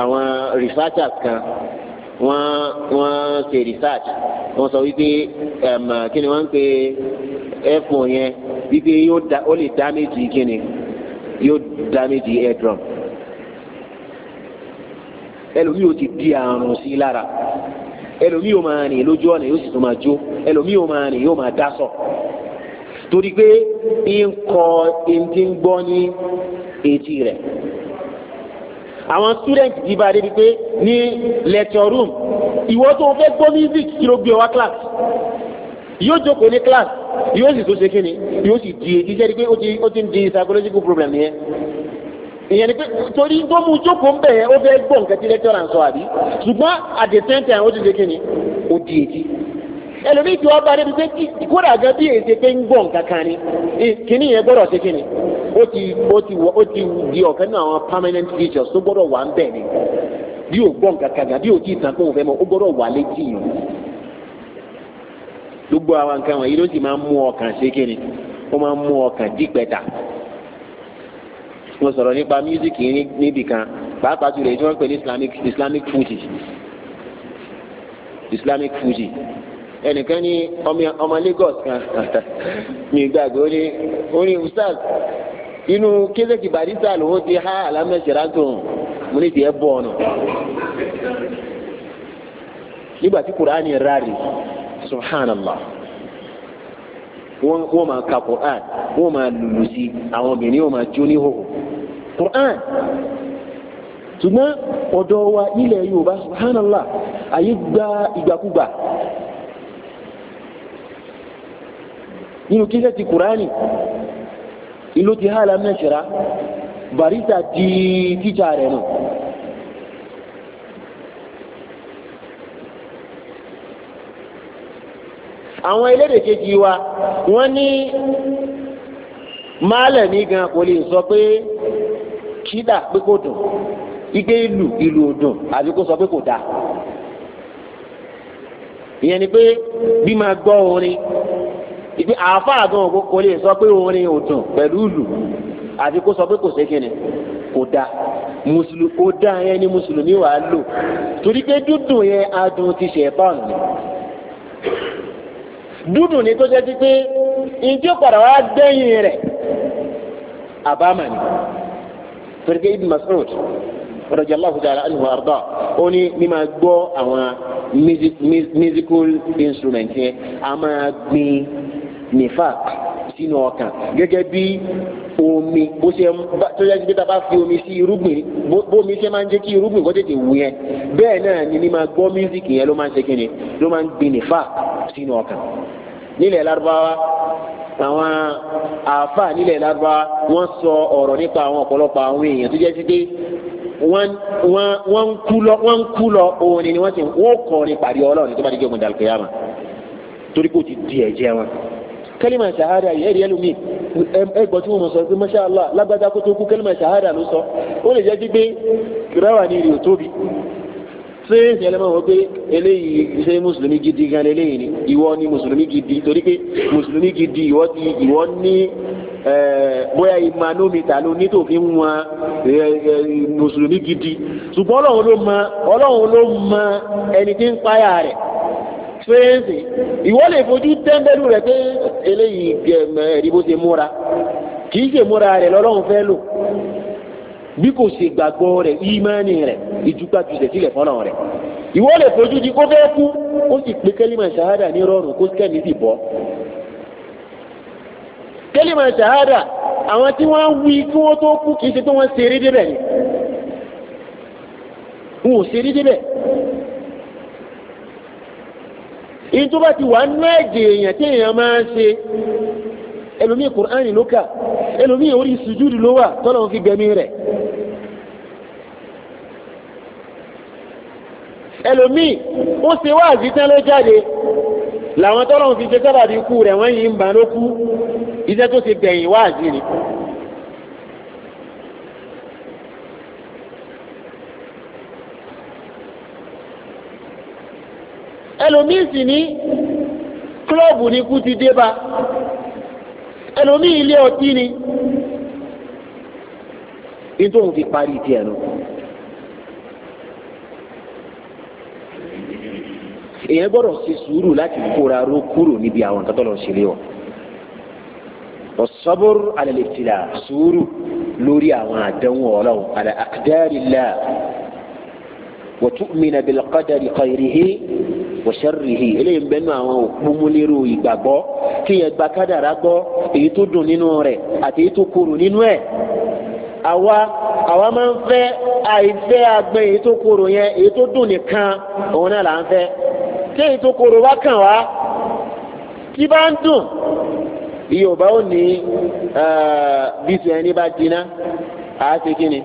àwọn researchers kan wọ́n wọ́n ṣe research wọ́n sọ wípé kí ni wọ́n ń pe airflow yẹn wípé yóò da ó lè damage kí ni yóò damage eardrum ẹlòmíì ò ti di àrùn sí lára ẹlòmíì ò máa rìn lójú ọ̀nà yóò sì tún máa jó ẹlòmíì ò máa rìn yóò máa dá sọ torí pé ń kọ ẹni tí ń gbọ́ ní etí rẹ̀ àwọn student ti bá débi pé ní lecture room ìwọ tó fẹ́ gbọ́ music kí ló gbé wá class yóò jókòó ní class yóò sì tó ṣe kí ni yóò sì di èyí jẹ́ pé ó ti ń di psychological problem yẹn ìyẹn ni pé torí tó mú jókòó ń bẹ̀ yẹn ó fẹ́ gbọ́ nǹkan tí lecturer ń sọ àbí ṣùgbọ́n at the same time ó ti ṣe kí ni ó di èyí ẹlòmíì tí wọ́n bá débi pé kódà gan bí èyí pé ń gbọ́ nǹkan kan ni kíní yẹn gbọ́dọ̀ ṣe kí ni o ti ó ti ó ti di ọ̀kan náà àwọn permanent features tó gbọdọ wà ń ni bí o gbọ́ nǹkan kan bí o ti tàn kó o fẹ́ mọ̀ ó gbọ́dọ̀ wà létí yàn gbogbo àwọn nǹkan wọ̀nyí ló sì máa mú ọkàn ṣe ni ó máa mú ọkàn mo sọrọ nípa mísíkì níbì kan pàápàá jùlọ èyí tí wọ́n pè islamic islamic fuji islamic fuji ẹnìkan ní ọmọ Lagos kan mi gbàgbé ó ní ó ní inu inú kézèkì barista lòun ti há alámẹsẹ̀rá tó mo ní tiẹ̀ bọ̀ ọ̀nà nígbà tí kuraani rari subhanallah wọ́n máa ka kuraan wọ́n máa lulu sí àwọn obìnrin wọ́n máa jó ní hòhò kuraan ṣùgbọ́n ọ̀dọ́ wa nílẹ̀ yorùbá subhanallah àyè gba ìgbàkúgbà nínú kézèkì kuraani ìlú ti hàlà mẹ́sẹ̀rá barista di tíjà rẹ̀ nù. àwọn elédè kejì wa wọ́n ní máàlẹ̀ ní gan kò lè sọ pé kídà pé kò dùn igbe ìlú ìlú ò dùn àbí kó sọ pé kò dáa ìyẹn ni pé bí máa gbọ́ orin ìdí àáfàá gan òkú kò lè sọ pé orin ò dùn pẹ̀lú ìlù àti kó sọ pé kò sékìnì kò da mùsùlùmí kò da yẹn ni mùsùlùmí wà á lò torí pé dúdùn yẹn adùn ti ṣe ẹ̀fà nù dúdùn ni tó jẹ́ sí pé ìjọ padà wá gbẹ̀yìn rẹ̀ àbámà ni torí pé Ibn Mas'ud radiyallahu ta'ala anhu arda ó ní ní gbọ́ àwọn musical instrument yẹn a máa gbin Nifak sínú ọkàn gẹ́gẹ́ bí omi bó ṣe tó yẹ kí tá a bá fi omi sí irúgbìn bómi ṣe máa ń jẹ́ kí irúgbìn kó tètè wù yẹn bẹ́ẹ̀ náà ni ní máa gbọ́ mísíkì yẹn ló máa ń ṣe kíni ló máa ń gbin nifaq sínú ọkàn nílẹ̀ lárúbáwá àwọn àáfà nílẹ̀ lárúbáwá wọ́n sọ ọ̀rọ̀ nípa àwọn ọ̀pọ̀lọpọ̀ àwọn èèyàn tó jẹ́ sí pé wọ́n ń kú lọ òun ni wọ́n ti wọ́n kọrin pàdé ọlọ́run tó bá dé kí ogun dàlùkẹ́ yá mà torí kò ti di ẹ̀jẹ̀ wọn kẹ́límà ṣahada yìí ẹ̀rí ẹlòmíì ẹgbọ́n tí mo sọ pé masha Allah lágbádá kó tó kú kẹ́límà ṣahada ló sọ ó lè jẹ́ sí pé kìráwà ni rí o tóbi ṣé ìyẹn lè máa wọ pé eléyìí ṣe mùsùlùmí gidi gan eléyìí ni ìwọ ni mùsùlùmí gidi torí pé mùsùlùmí gidi ìwọ ti ìwọ ní bóyá ìmanómítà ló ní tó wọn mùsùlùmí gidi ṣùgbọ́n ọlọ́run ló mọ ẹni tí ń páyà rẹ̀ fèèsì ìwọ lè fojú tẹ́ńbẹ́lú rẹ̀ pé eléyìí ẹ̀rí bó ṣe múra kì í ṣe múra rẹ̀ lọ́lọ́run fẹ́ lò bí kò ṣe gbàgbọ́ rẹ̀ ìmánì rẹ̀ ìdúgbàjùṣe sílẹ̀ fọ́nà rẹ̀ ìwọ lè fojú di kó fẹ́ kú kó sì pé kẹ́límà ṣàhádà ní rọrùn kó kẹ́mi sì bọ́ kẹ́límà ṣàhádà àwọn tí wọ́n wí kí wọ́n tó kú kì í ṣe tó wọ́n ṣeré débẹ̀ débẹ̀ èyí tó bá ti wà nú ẹ̀jẹ̀ èèyàn tí èèyàn máa ń ṣe ẹlòmíì kùránì ló kà ẹlòmíì orí sùjúdù ló wà tọ́lọ́ fi gbẹ̀mí rẹ̀ ẹlòmíì ó ṣe wáàzí tán ló jáde làwọn tọ́lọ́ fi ṣe sábàbí ikú rẹ̀ wọ́n yìí ń bà ló kú iṣẹ́ tó ṣe gbẹ̀yìn wáàzí ni. ẹlòmíì sì ní kílọ̀bù ni kú ti dé bá ẹlòmíì ilé ọtí ni nítorí fi parí tiẹ̀ nù. èèyàn gbọ́dọ̀ ṣe sùúrù láti kóra ró kúrò níbi àwọn nǹkan tó lọ ṣe lé wọn. والصبر على الابتلاء sùúrù lórí àwọn àdánwò Ọlọ́run على أقدار الله وتؤمن بالقدر خيره wọ̀ṣẹ́rìhì eléyìí ń bẹ nínú àwọn òpómúlérò ìgbàgbọ́ kí yẹn gba kádàrá gbọ́ èyí tó dùn nínú rẹ̀ àti èyí tó korò nínú ẹ̀ àwa àwa máa ń fẹ́ àìfẹ́ agbẹ́ èyí tó korò yẹn èyí tó dùn nìkan òun náà là ń fẹ́ kí èyí tó korò wá kàn wá tí bá ń dùn yorùbá ò ní bí tiẹ̀ bá jiná àá ṣe kí ni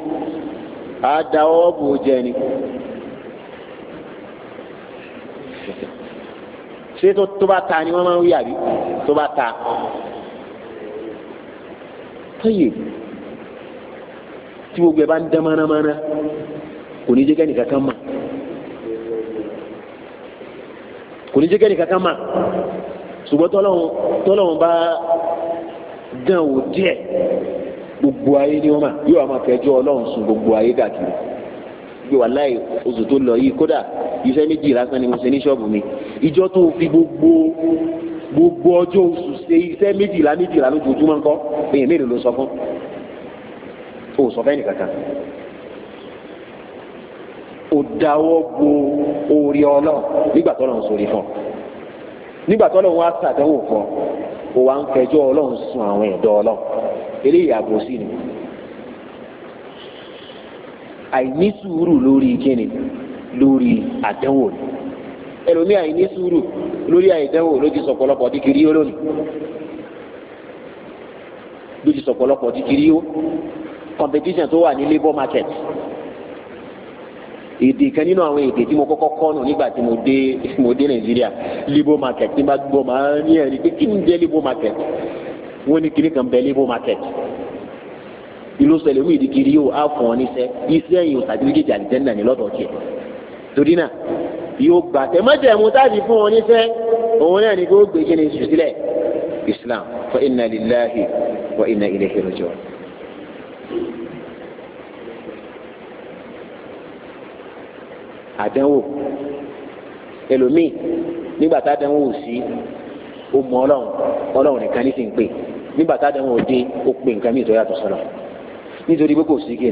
àá dáwọ́ bò jẹ ni. ṣé tó bá ta ni wọ́n máa ń wí àbí tó bá ta. tóyè tí gbogbo ẹ bá ń dán mánámáná kò ní jẹ́ kẹ́nìkan kan mà kò ní jẹ́ kẹ́nìkan kan mà ṣùgbọ́n tọ́lọ́hún tọ́lọ́hún bá dán wò díẹ̀ gbogbo ayé ni wọ́n mà yóò wá máa fẹjọ́ ọlọ́run sùn gbogbo ayé dàkiri gbé wàláì oṣù tó lọ yìí kódà iṣẹ́ méjì lásán ni mo ṣe ní ṣọ́ọ̀bù mi ìjọ tó fi gbogbo gbogbo ọjọ́ oṣù ṣe iṣẹ́ méjìlá méjìlá lójoojúmọ́ ńkọ́ èèyàn mélòó ló sọ fún o sọ fẹ́ nìkankan o dáwọ́ bo orí ọlọ́ nígbà tó lọ́n sórí fún ọ nígbà tó lọ́n wá sàdánwò fún ọ o wá ń fẹjọ́ ọlọ́run sun àwọn ẹ̀dọ́ ọlọ́ eléyìí àbòsí ni àìní sùúrù lórí kíni lórí àdánwò ni ẹlòmíì àìní sùúrù lórí àìdẹ́wò ló ti sọ̀pọ̀lọpọ̀ di kiri yó lónìí ló ti sọ̀pọ̀lọpọ̀ di kiri yó competition tó wà ní labour market èdè kan nínú àwọn èdè tí mo kọ́kọ́ kọ́ nù nígbà tí mo dé mo dé nàìjíríà labour market tí n bá gbọ́ máa ní ẹ̀rí pé kí ni jẹ́ labour market wọ́n ní kiri kan bẹ labour market ìlú sọlẹ̀ wíìdì kiri yóò á fún ọ níṣẹ́ iṣẹ́ yìí ò sàdúrógé jàdìjẹ́ nà ní lọ́dọ̀ tiẹ̀ torí náà yóò gbà tẹ mọ́jẹ̀mú táàbí fún wọn nífẹ̀ òun náà ni kó gbé kí ni sùsílẹ̀ islam fa inna lillahi wa inna ilayhi raji'un. àdánwò ẹlòmíì nígbà tá àdánwò ò sí ó mọ ọlọ́run ọlọ́run nìkan ní sì ń pè nígbà tá àdánwò dé ó pè nǹkan mìíràn tó yàtọ̀ sọ́lọ́ nítorí pé kò sí kí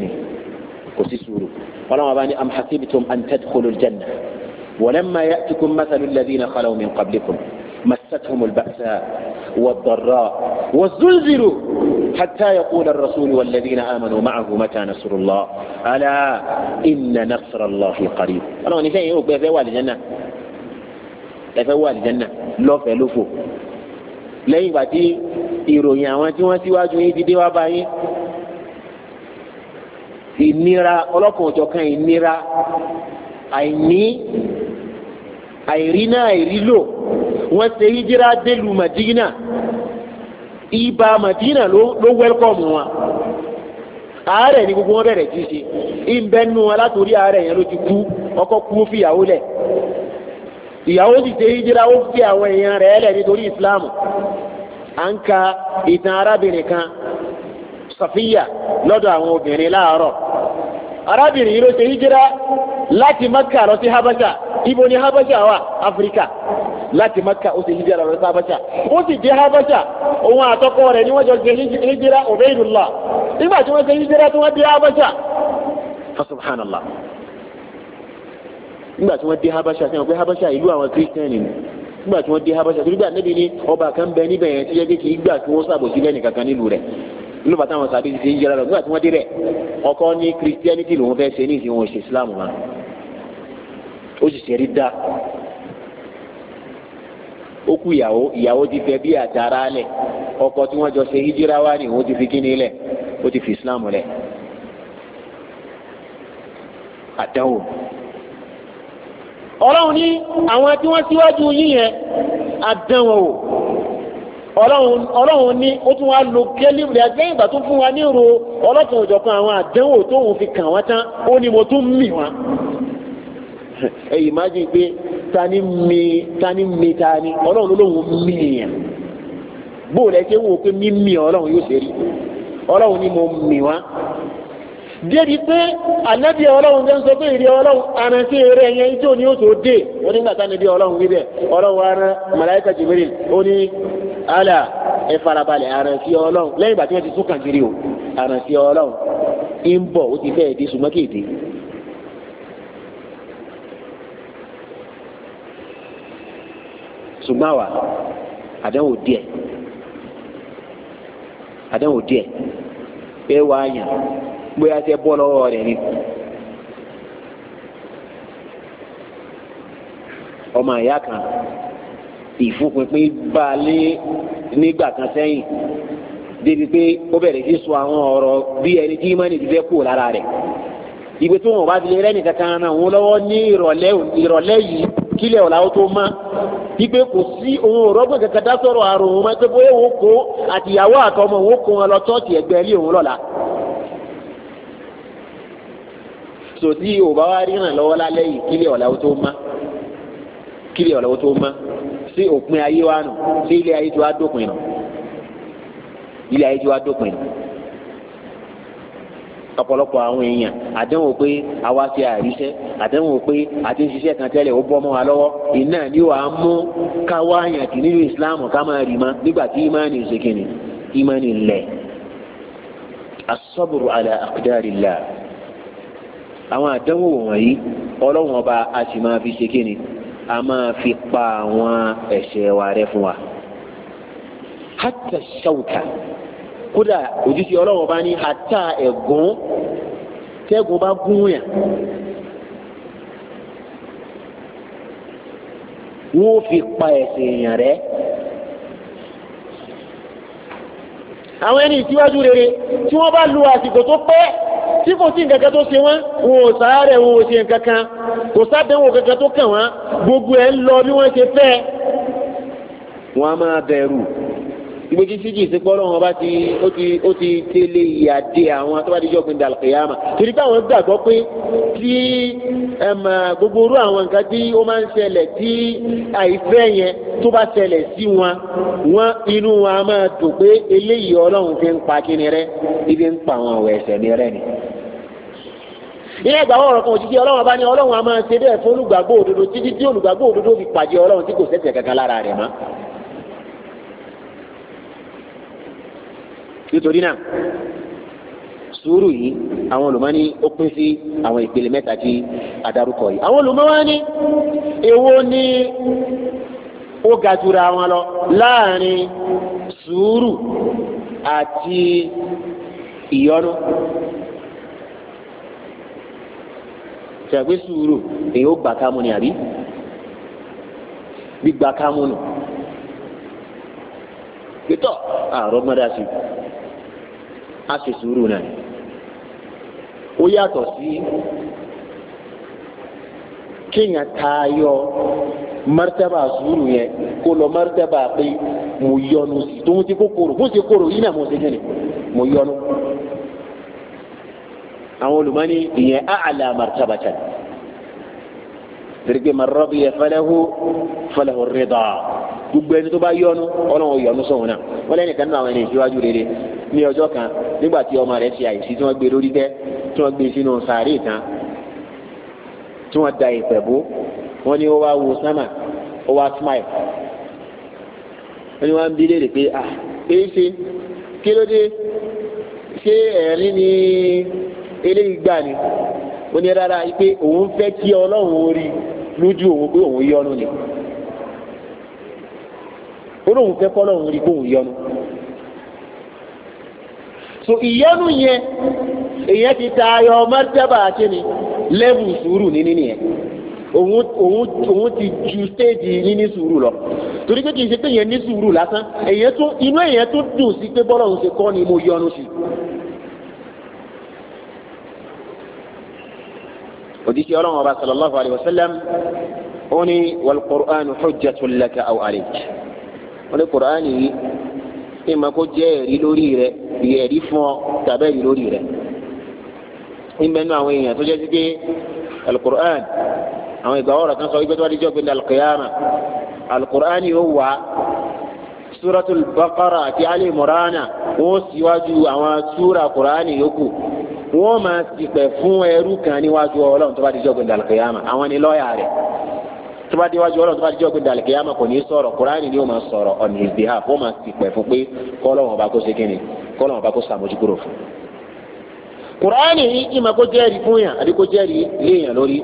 kò sí sùúrù ọlọ́run bá ní am hasibtum an tadkhulul ولما يأتكم مثل الذين خلوا من قبلكم مستهم البأساء والضراء والزلزل حتى يقول الرسول والذين آمنوا معه متى نصر الله ألا إن نصر الله قريب أنا أقول يوك يقول إيه؟ الجنة يفوى الجنة لو فلوفو lẹ́yìn ìgbà tí ìròyìn àwọn tí wọ́n síwájú yín ti dé wá bá yín ìnira ọlọ́kan inira àìrí náà àìrí lò wọ́n hijira délùú Madina Iba Madina ló wẹ́lkọ̀mù wọn àárẹ̀ ni gbogbo wọn bẹ̀rẹ̀ jí ṣe ìbẹ́nu wọn látòrí yẹn ló ti kú ọkọ kú ìyàwó lẹ. ìyàwó sì ṣe hijira ó fi àwọn èèyàn nítorí à ń ka ìtàn arábìnrin kan àwọn láti Makka lọ sí Habasha ibo ni Habasha wà Áfíríkà láti Makka ó sì hijira lọ sí Habasha ó sì dé Habasha òun àtọkọ rẹ̀ ni wọ́n jọ ṣe hijira Ubaydullah nígbà tí wọ́n ṣe hijira tí wọ́n dé Habasha fa subhanallah nígbà tí wọ́n dé Habasha sẹ́wọ̀n pé Habasha ìlú àwọn kírísítẹ́nì ni nígbà tí wọ́n dé Habasha tó nígbà níbi ni ọba kan bẹ níbẹ̀ yẹn tí yẹ kí kì í gbà kí wọ́n ṣàbòsí nílùú rẹ̀ inú bàtà àwọn sàbí ti ń yẹra lọ nígbà tí wọ́n dé rẹ̀ ọkọ ní christianity lòun fẹ́ ṣe ní ìsìn wọn ṣe islam ma ó sì ṣe rí dá ó kú ìyàwó ìyàwó ti fẹ́ bí àtàrà lẹ̀ ọkọ tí wọ́n jọ ṣe hijira wá ní òun ti fi kíni lẹ̀ ó ti fi islam lẹ̀ àdánwò ọlọ́run ní àwọn tí wọ́n síwájú yín yẹn àdánwò. ọlọ́run ní ó tún wá lo kẹ́líìmù rẹ̀ ìgbà tó fún wa ní ro ọlọ́kan òjọ̀kan àwọn àdánwò tóun fi kàn wọ́n tán ó ní mo tún mì pé ni, mi tani mi tani ọlọ́run lóhùn mí yẹn bóòlù ẹ wò pé mímì ọlọ́run yóò ṣe rí ọlọ́run mo mì débi pé ọlọ́run ń sọ pé ìrì ọlọ́run eré ala ẹ farabalẹ̀ àrànfi ọlọ́run lẹ́yìn ìgbà tí wọ́n ti tún kàn o àrànfi ọlọ́run ń bọ̀ ó ti fẹ́ẹ̀ di ṣùgbọ́n kéde. ṣùgbọ́n àwà àdánwò díẹ̀ àdánwò díẹ̀ ẹ wà á yàn bóyá tẹ bọ́ lọ́wọ́ rẹ̀ ni. ọmọ ìyá kan. ìfúnpinpin bá a lé nígbà kan sẹ́yìn débi pé ó bẹ̀rẹ̀ sí sọ àwọn ọ̀rọ̀ bí ẹni tí ìmọ̀ nìyí fẹ́ kú lára rẹ̀ ìgbé tó wọn bá ti lè rẹ́ni kankan náà wọn lọ́wọ́ ní ìrọ̀lẹ́ yìí kílẹ̀ ọ̀la ó tó mọ́ ìgbé kò sí òun rọ́gbọ̀n kankan dá sọ̀rọ̀ àrùn òun mọ́ bóyá òun kó àtìyàwó àtọmọ òun kó wọn lọ tọ́ọ̀tì ẹgbẹ́ ilé òun lọ́la. sòtí ò bá wá rí ìrànlọ́wọ́ lálẹ́ yìí kílẹ̀ ọ̀la ó tó mọ́ sí òpin ayé wa nù sí ilé ayé tí wàá dópin nù ilé ayé tí wàá dópin nù ọ̀pọ̀lọpọ̀ àwọn èèyàn àdéhùn pé àwa ti àríṣẹ́ àdéhùn pé àti ṣiṣẹ́ kan tẹ́lẹ̀ ó bọ́ mọ́ wa lọ́wọ́ iná ni wàá mú káwá àyàn nínú ìsìláàmù ká máa rì mọ́ nígbà tí ìmánì ṣe kìnnì ìmánì lẹ̀ asọ́bùrù àlà àkùdárìlà àwọn àdéhùn wọ̀nyí ọlọ́wọ́n ọba a máa fi ṣe kìnnì a máa fi pa àwọn ẹ̀ṣẹ̀ wa rẹ́ fún wa. hata ṣàwùkà kódà òjijì ọlọ́wọ́ bá ní ata ẹ̀gún tẹ́gùn bá gún yàn. wọ́n fi pa ẹ̀ṣẹ̀ èèyàn rẹ́. àwọn ẹni ìtìwájú rere tí wọ́n bá lu àsìkò tó pẹ́ tí kò sí nǹkan tó ṣe wọ́n wọn ò sàárẹ̀ wọn ò ṣe nǹkan kan kò sábẹ́wò kankan tó kàn wọ́n gbogbo ẹ̀ ń lọ bí wọ́n ṣe fẹ́ wọn a máa bẹ̀rù ìgbésí síjì ìsìnkpọ́lọ́ wọn bá ti ó ti ó ti tẹ́lẹ̀ ìyàdé àwọn atọ́bàdíjọ́ gbẹ̀ndà àlùkìyàmà torí káwọn gbàgbọ́ pé tí gbogbo orú àwọn nǹkan tí ó máa ń ṣẹlẹ̀ tí àìfẹ́ yẹn tó bá ṣẹlẹ̀ sí wọn wọn inú wọn a máa dùn pé eléyìí ọlọ́run fi ń pa kíni rẹ ibi ń pa àwọn ọ̀wẹ̀ ẹ̀ṣẹ̀ mi rẹ ni. ilé ìgbà ọ̀rọ̀ kan òjijì ọlọ́run bá ní a máa ṣe bẹ́ẹ̀ fún olùgbàgbọ́ òdodo títí tí olùgbàgbọ́ òdodo fi pàdé tí kò sẹ́sẹ̀ kankan lára rẹ̀ mọ́. nítorí náà sùúrù yìí àwọn ní ó pín sí àwọn ìpele tí adarúkọ yìí àwọn ní èwo ni ó ṣàgbé sùúrù èyí ó gbà kámú ni àbí gbígbà kámú nù pétọ́ àárọ̀ gbọ́dá sí a ṣe sùúrù náà ó yàtọ̀ sí kéèyàn taayọ martaba sùúrù yẹn kó lọ martaba pé mo yọnu sí tòun ti kó koro bó ṣe koro yìí náà mo ṣe jẹ́ ni mo yọnu àwọn olùmọ́ni ìyẹn àlà martabatan tẹ̀lé ma rọ́bì yẹ fẹlẹ́hu fẹlẹ́hu rẹ́dà gbogbo ẹni tó bá yọnu ọlọ́run yọnu sọ̀hún náà wọ́n lẹ́yìn kan náà àwọn ẹni ìṣíwájú rere ní ọjọ́ kan nígbà tí ọmọ rẹ̀ ṣe àìsí tí wọ́n gbé lórí tẹ́ tí wọ́n gbé sínú sàárè tán tí wọ́n da ìpẹ̀ bó wọ́n ní ó wá wo sámà ó wá smile wọ́n ní wọ́n ń léèrè pé ah èyí ṣe kí ló dé ṣé ẹ̀rín ni eléyìí gbà ni ó ní rárá pé òun fẹ́ kí ọlọ́run orí lójú òun pé òun yọnu ni ó lóun fẹ́ kọ́ ọlọ́run orí pé òun yọnu so ìyọnu yẹn èyàn ti ta ayọ mọ́tẹ́bà àti ni lẹ́bù sùúrù ní nínú yẹn òun òun òun ti ju stéèjì níní sùúrù lọ torí pé kì í ṣe pé èyàn ní sùúrù lásán èyàn tún inú èyàn tún dùn sí pé bọ́lá òun ṣe kọ́ ni mo yọnu sí òdìkì ọlọ́run ọba sallallahu alayhi wa sallam ó ní wal qur'anu hujjatun laka aw alayk ó ní qur'an yìí ìmọ̀ kó jẹ́ ẹ̀rí lórí rẹ ẹ̀rí fún ọ tàbí ẹ̀rí lórí rẹ ìmẹ́nu àwọn èèyàn tó jẹ́ sí pé alukur'an àwọn ìgbà ọ̀rọ̀ kan sọ wípé tó wá di jọ́ pé alukiyama alukur'an yóò wá suratul baqara àti ali murana ó síwájú àwọn sura kur'an yòókù wọ́n máa ṣìpẹ̀ fún ẹrú kan níwájú ọlọ́run tó bá di jọ́gbìn dàlùkìyàmà àwọn ni lọ́ọ̀yà rẹ̀ tó bá díwájú ọlọ́run tó bá díjọ́ pé dàlùkìyàmà kò ní í sọ̀rọ̀ kúránì ni ó máa sọ̀rọ̀ on his behalf ó máa sì pẹ̀ fún pé kọ́lọ́wọ́n ọba kó ṣe kí ni ọba kó ṣàmójúkúrò fún. kúránì yìí ìmọ̀ kó jẹ́rìí fún yàn àbí kó jẹ́rìí léèyàn lórí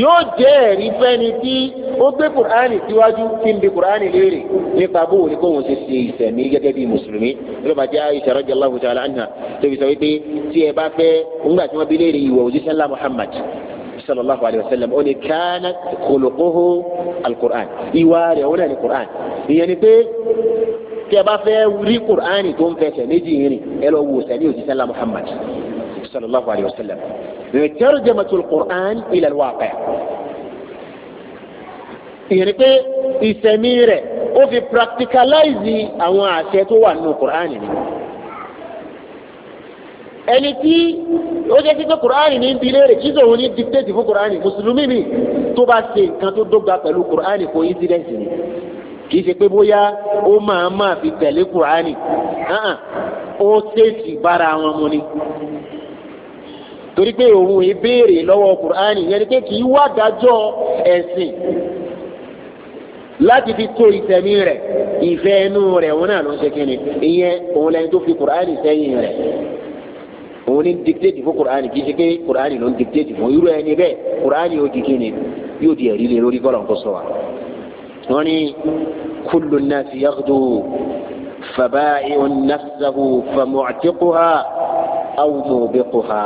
yóò jẹ́ ẹ̀rí fẹ́ni tí ó gbé kùránì síwájú tí ń bi kùránì léèrè nípa bó wòlé kóhun ṣe ṣe ìsẹ̀mí gẹ́gẹ́ bí mùsùlùmí ló bá jẹ́ Aisha radiyallahu ta'ala anha tóbi sọ wípé tí ẹ bá fẹ́ ńgbà tí wọ́n bi léèrè ìwà òjíṣẹ́ ńlá Muhammad sallallahu alayhi wa sallam ó ní kanat khuluquhu al-Qur'an ìwà rẹ̀ ó ní Qur'an ìyẹn ni pé tí ẹ bá fẹ́ rí Qur'an tó ń fẹsẹ̀ méjì yìí rìn ẹ lọ wò sẹ́ni òjíṣẹ́ ńlá Muhammad sallallahu alayhi wa sallam tarjamatul Qur'an ila al-waqi' ìyẹn pé ìsẹ̀mí rẹ̀ ó fi practicalize àwọn àṣẹ tó wà nínú Qur'an ni ẹni tí ó jẹ́ títọ́ Qur'an ní ibi léèrè kí sòun ní dictate fún Qur'an mùsùlùmí mi tó bá ṣe nǹkan tó dọ́gba pẹ̀lú Qur'an kò incident ni kì í ṣe pé bóyá ó máa máa fi tẹ̀lé Qur'an ó ṣèṣì bára wọn mu ni torí pé òun ìbéèrè lọ́wọ́ kùránì yẹn ni pé kì í wá dájọ́ ẹ̀sìn láti fi tó ìtẹ̀mí rẹ̀ ìfẹ́ inú rẹ̀ òun náà ló ń ṣe kíni ìyẹn òun lẹni tó fi kùránì sẹ́yìn rẹ̀ òun ní dictate fún kùránì kì í ṣe pé kùránì ló ń dictate fún irú ẹni bẹ́ẹ̀ kùránì yóò di kíni yóò di ẹ̀rí lé lórí kọ́lọ̀ kó sọ wa. wọ́n ní kullu nasi yaghdu fabai'un nafsahu famu'tiquha aw mubiquha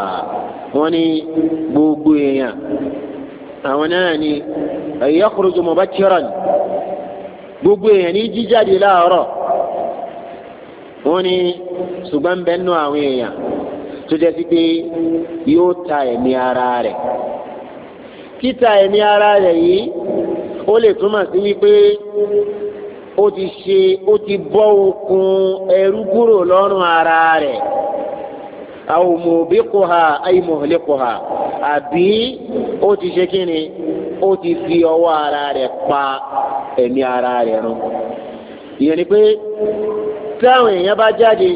wọ́n ní gbogbo èèyàn àwọn náà ni yakhruju mubakkiran gbogbo èèyàn ní jíjáde láàárọ̀ wọ́n ní ṣùgbọ́n bẹ́ẹ̀ nù àwọn èèyàn tó jẹ́ sí pé yóò ta ẹ̀mí ara rẹ̀ títa ẹ̀mí ara rẹ̀ yìí ó lè túmọ̀ sí wípé ó ti ṣe ó ti bọ́ okùn ẹrú kúrò lọ́rùn ara rẹ̀. أو موبقها أي مهلكها أبي ti ṣe kí o ti fi ọwọ́ ara rẹ pa ẹ̀mí ara ni pé táwọn èèyàn bá jáde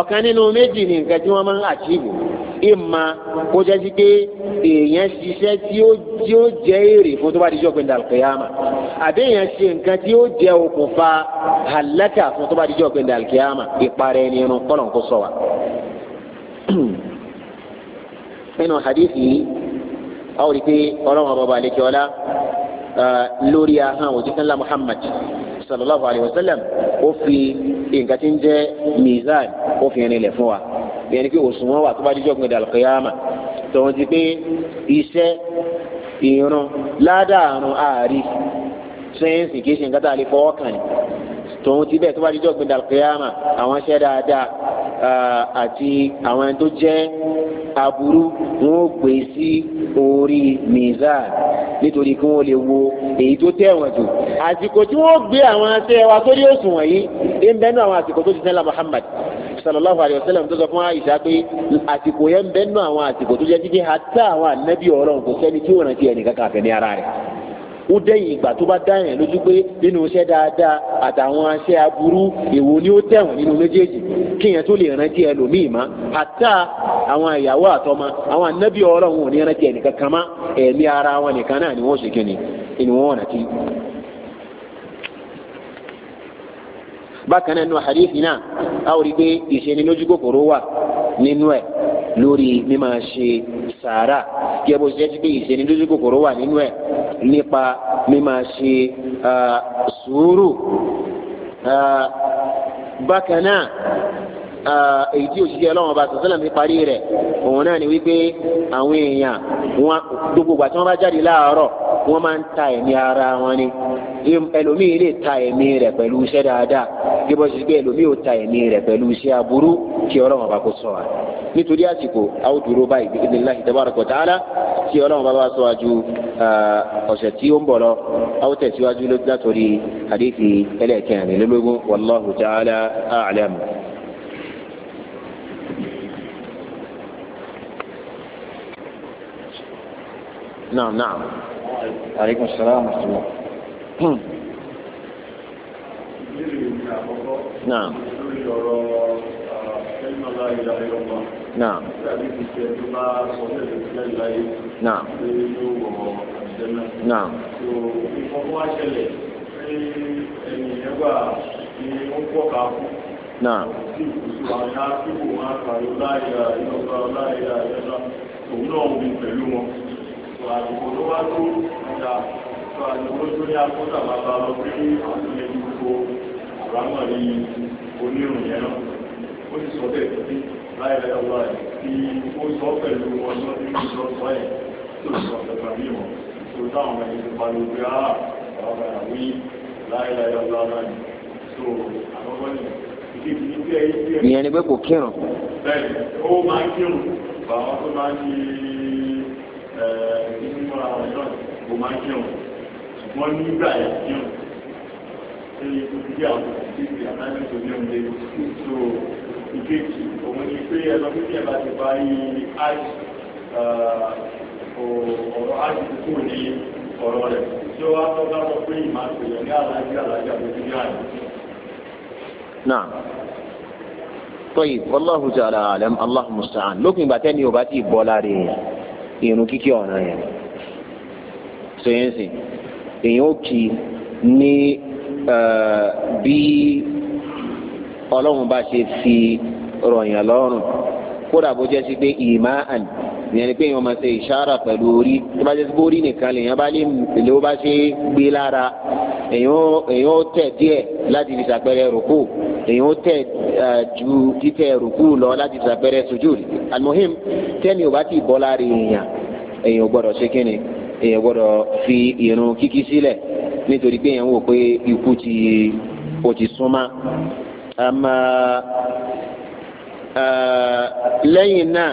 ọ̀kan nínú méjì ni nǹkan tí wọ́n máa ń àṣìbò ìmọ̀ kó jẹ́ sí pé èèyàn ṣiṣẹ́ tí ó jẹ́ èrè fún tó bá di àbí èèyàn ṣe nǹkan tí ó jẹ́ okùnfà hàlákà fún tó bá di ìparẹ́ ẹni irun kó sọ wa. nínú hadith yìí a ó rí i pé ọlọ́run ọba àlejò ọlá lórí ahọ́n òjísánlá Muhammad sallallahu alayhi wa sallam ó fi nǹkan tí ń jẹ́ mizan ó fi ẹni lẹ̀ fún wa yẹn pé òṣùwọ̀n wà tó bá díjọ́ gbẹ̀dẹ̀ alqiyama tòun ti pé iṣẹ́ ìrun ládàárun ààrí sẹ́yìnsì kì í ṣe nǹkan tá a lè fọwọ́ kàn ní tòun ti bẹ́ẹ̀ tó bá díjọ́ gbẹ̀dẹ̀ alqiyama àwọn iṣẹ́ dáadáa àti àwọn ẹni tó jẹ́ aburú wọn ò gbé sí orí mizan nítorí kí wọ́n lè wo èyí tó tẹ̀wọ̀n jù àsìkò tí wọ́n gbé àwọn aṣẹ́ wa sórí òṣùwọ̀n yìí ń bẹ́nu àwọn àsìkò tó ti sẹ́la Muhammad sallallahu alayhi wa sallam tó sọ fún Aisha pé àsìkò yẹn ń bẹ́nu àwọn àsìkò tó jẹ́ títí hatta àwọn ànábì ọ̀rọ̀ kò sẹ́ni tí wọ́n rántí ẹnì kankan àfẹ́ ní ara rẹ̀. ó dẹ́yìn ìgbà tó bá dá yẹn lójú pé nínú iṣẹ́ dáadáa àtàwọn aṣẹ́ aburú èwo ni ó tẹ̀wọ̀n nínú méjèèjì kí yẹn tó lè rántí ẹlòmíì mọ́ àtà àwọn ìyàwó àtọmọ àwọn anábì ọlọ́run ò ní rántí ẹnìkan kan ara wọn nìkan náà ni wọ́n ṣe kíni ni wọ́n rántí. bákan náà nínú a ò rí pé ìṣeni lójú kòkòrò wà nínú ẹ̀ lórí mímọ ṣe sàárà gẹ́gẹ́ bó ṣe jẹ́ pé ìṣẹ́ni lójú kòkòrò wà nínú ẹ̀ nípa mímọ ṣe sùúrù bákan náà èyí tí òṣìṣẹ́ ọlọ́run ọba sọ̀sọ́lá mi parí rẹ̀ òun náà ni wípé àwọn èèyàn wọn gbogbo ìgbà tí wọ́n bá jáde láàárọ̀ wọ́n máa ń ta ẹ̀mí ara wọn ni ẹlòmíì lè ta ẹ̀mí rẹ̀ pẹ̀lú iṣẹ́ dáadáa bí wọ́n ṣe ẹlòmíì ó ta ẹ̀mí rẹ̀ pẹ̀lú iṣẹ́ aburú kí ọlọ́run ọba kó sọ wa nítorí àsìkò a ó dúró báyìí bí ibi láhi tabaraka wa ta'ala tí ọlọ́run bàbá sọ́wájú ọ̀sẹ̀ tí ó ń bọ̀ lọ a ó tẹ̀síwájú látòrí hadithi ẹlẹ́ẹ̀kẹrin lólógún wallahu ta'ala a'lam. نعم نعم عليكم السلام ورحمة الله
نعم ìlà ìlọ pa. náà. láti ó sì sọ bẹ́ẹ̀ pé láìláì ọlá ẹ̀ kí ó sọ pẹ̀lú ọjọ́ tí ó sọ sọ ẹ̀ tó sọ pẹ̀lú àmì tó dáhùn ẹni tó bá lóbi á àwọn àwí ọlá náà tó àwọn ọmọ yẹn ìdíjì ní pé ẹyí pé. ìyẹn
ni pé kò kírun.
bẹ́ẹ̀ ó máa ń kírun bàwọn tó máa ń ṣe ẹ̀ẹ́dínní mọ́ra wọn náà kò máa ń kírun ṣùgbọ́n nígbà yẹn kírun ṣe é kó ti dé àwọn ìdíjì àtàkùn tó ní ọmọdé tó ìkejì òun ni pé ẹ̀lọ́ fífi ẹ̀bá ti bá yí ọ̀rọ̀ áìsì kò ní ọ̀rọ̀ rẹ̀ tí ó wá tọ́ dábọ̀ pé ìmá ìpìlẹ̀ ní àlàájá àlàájá tó ti yá
náà tọ́yì wallahu ta'ala alam Allahu musta'an lópin ìgbà tẹ́ni ò ti bọ́ láre èèyàn irun kíkí ọ̀ràn yẹn sèyẹnsì èèyàn ó kì í ní bí ọlọ́run bá ṣe fi rọ̀yàn lọ́rùn kódà bó jẹ́ sí pé ìmáàn ìyẹn ni pé èèyàn máa ṣe ìṣára pẹ̀lú orí tó bá jẹ́ sí pé orí nìkan lèèyàn bá lè ló bá ṣe gbé lára èèyàn ó tẹ̀ díẹ̀ láti fi ṣàpẹẹrẹ rùkú èèyàn ó tẹ̀ ju títẹ̀ rùkú lọ láti fi ṣàpẹẹrẹ sujud almuhim tẹ́ni ò bá ti bọ́ lára èèyàn èèyàn gbọ́dọ̀ ṣe kí ni èèyàn gbọ́dọ̀ fi irun kíkí sílẹ̀ nítorí pé èèyàn wò pé ikú ti ó ti súnmọ́ àmà lẹ́yìn náà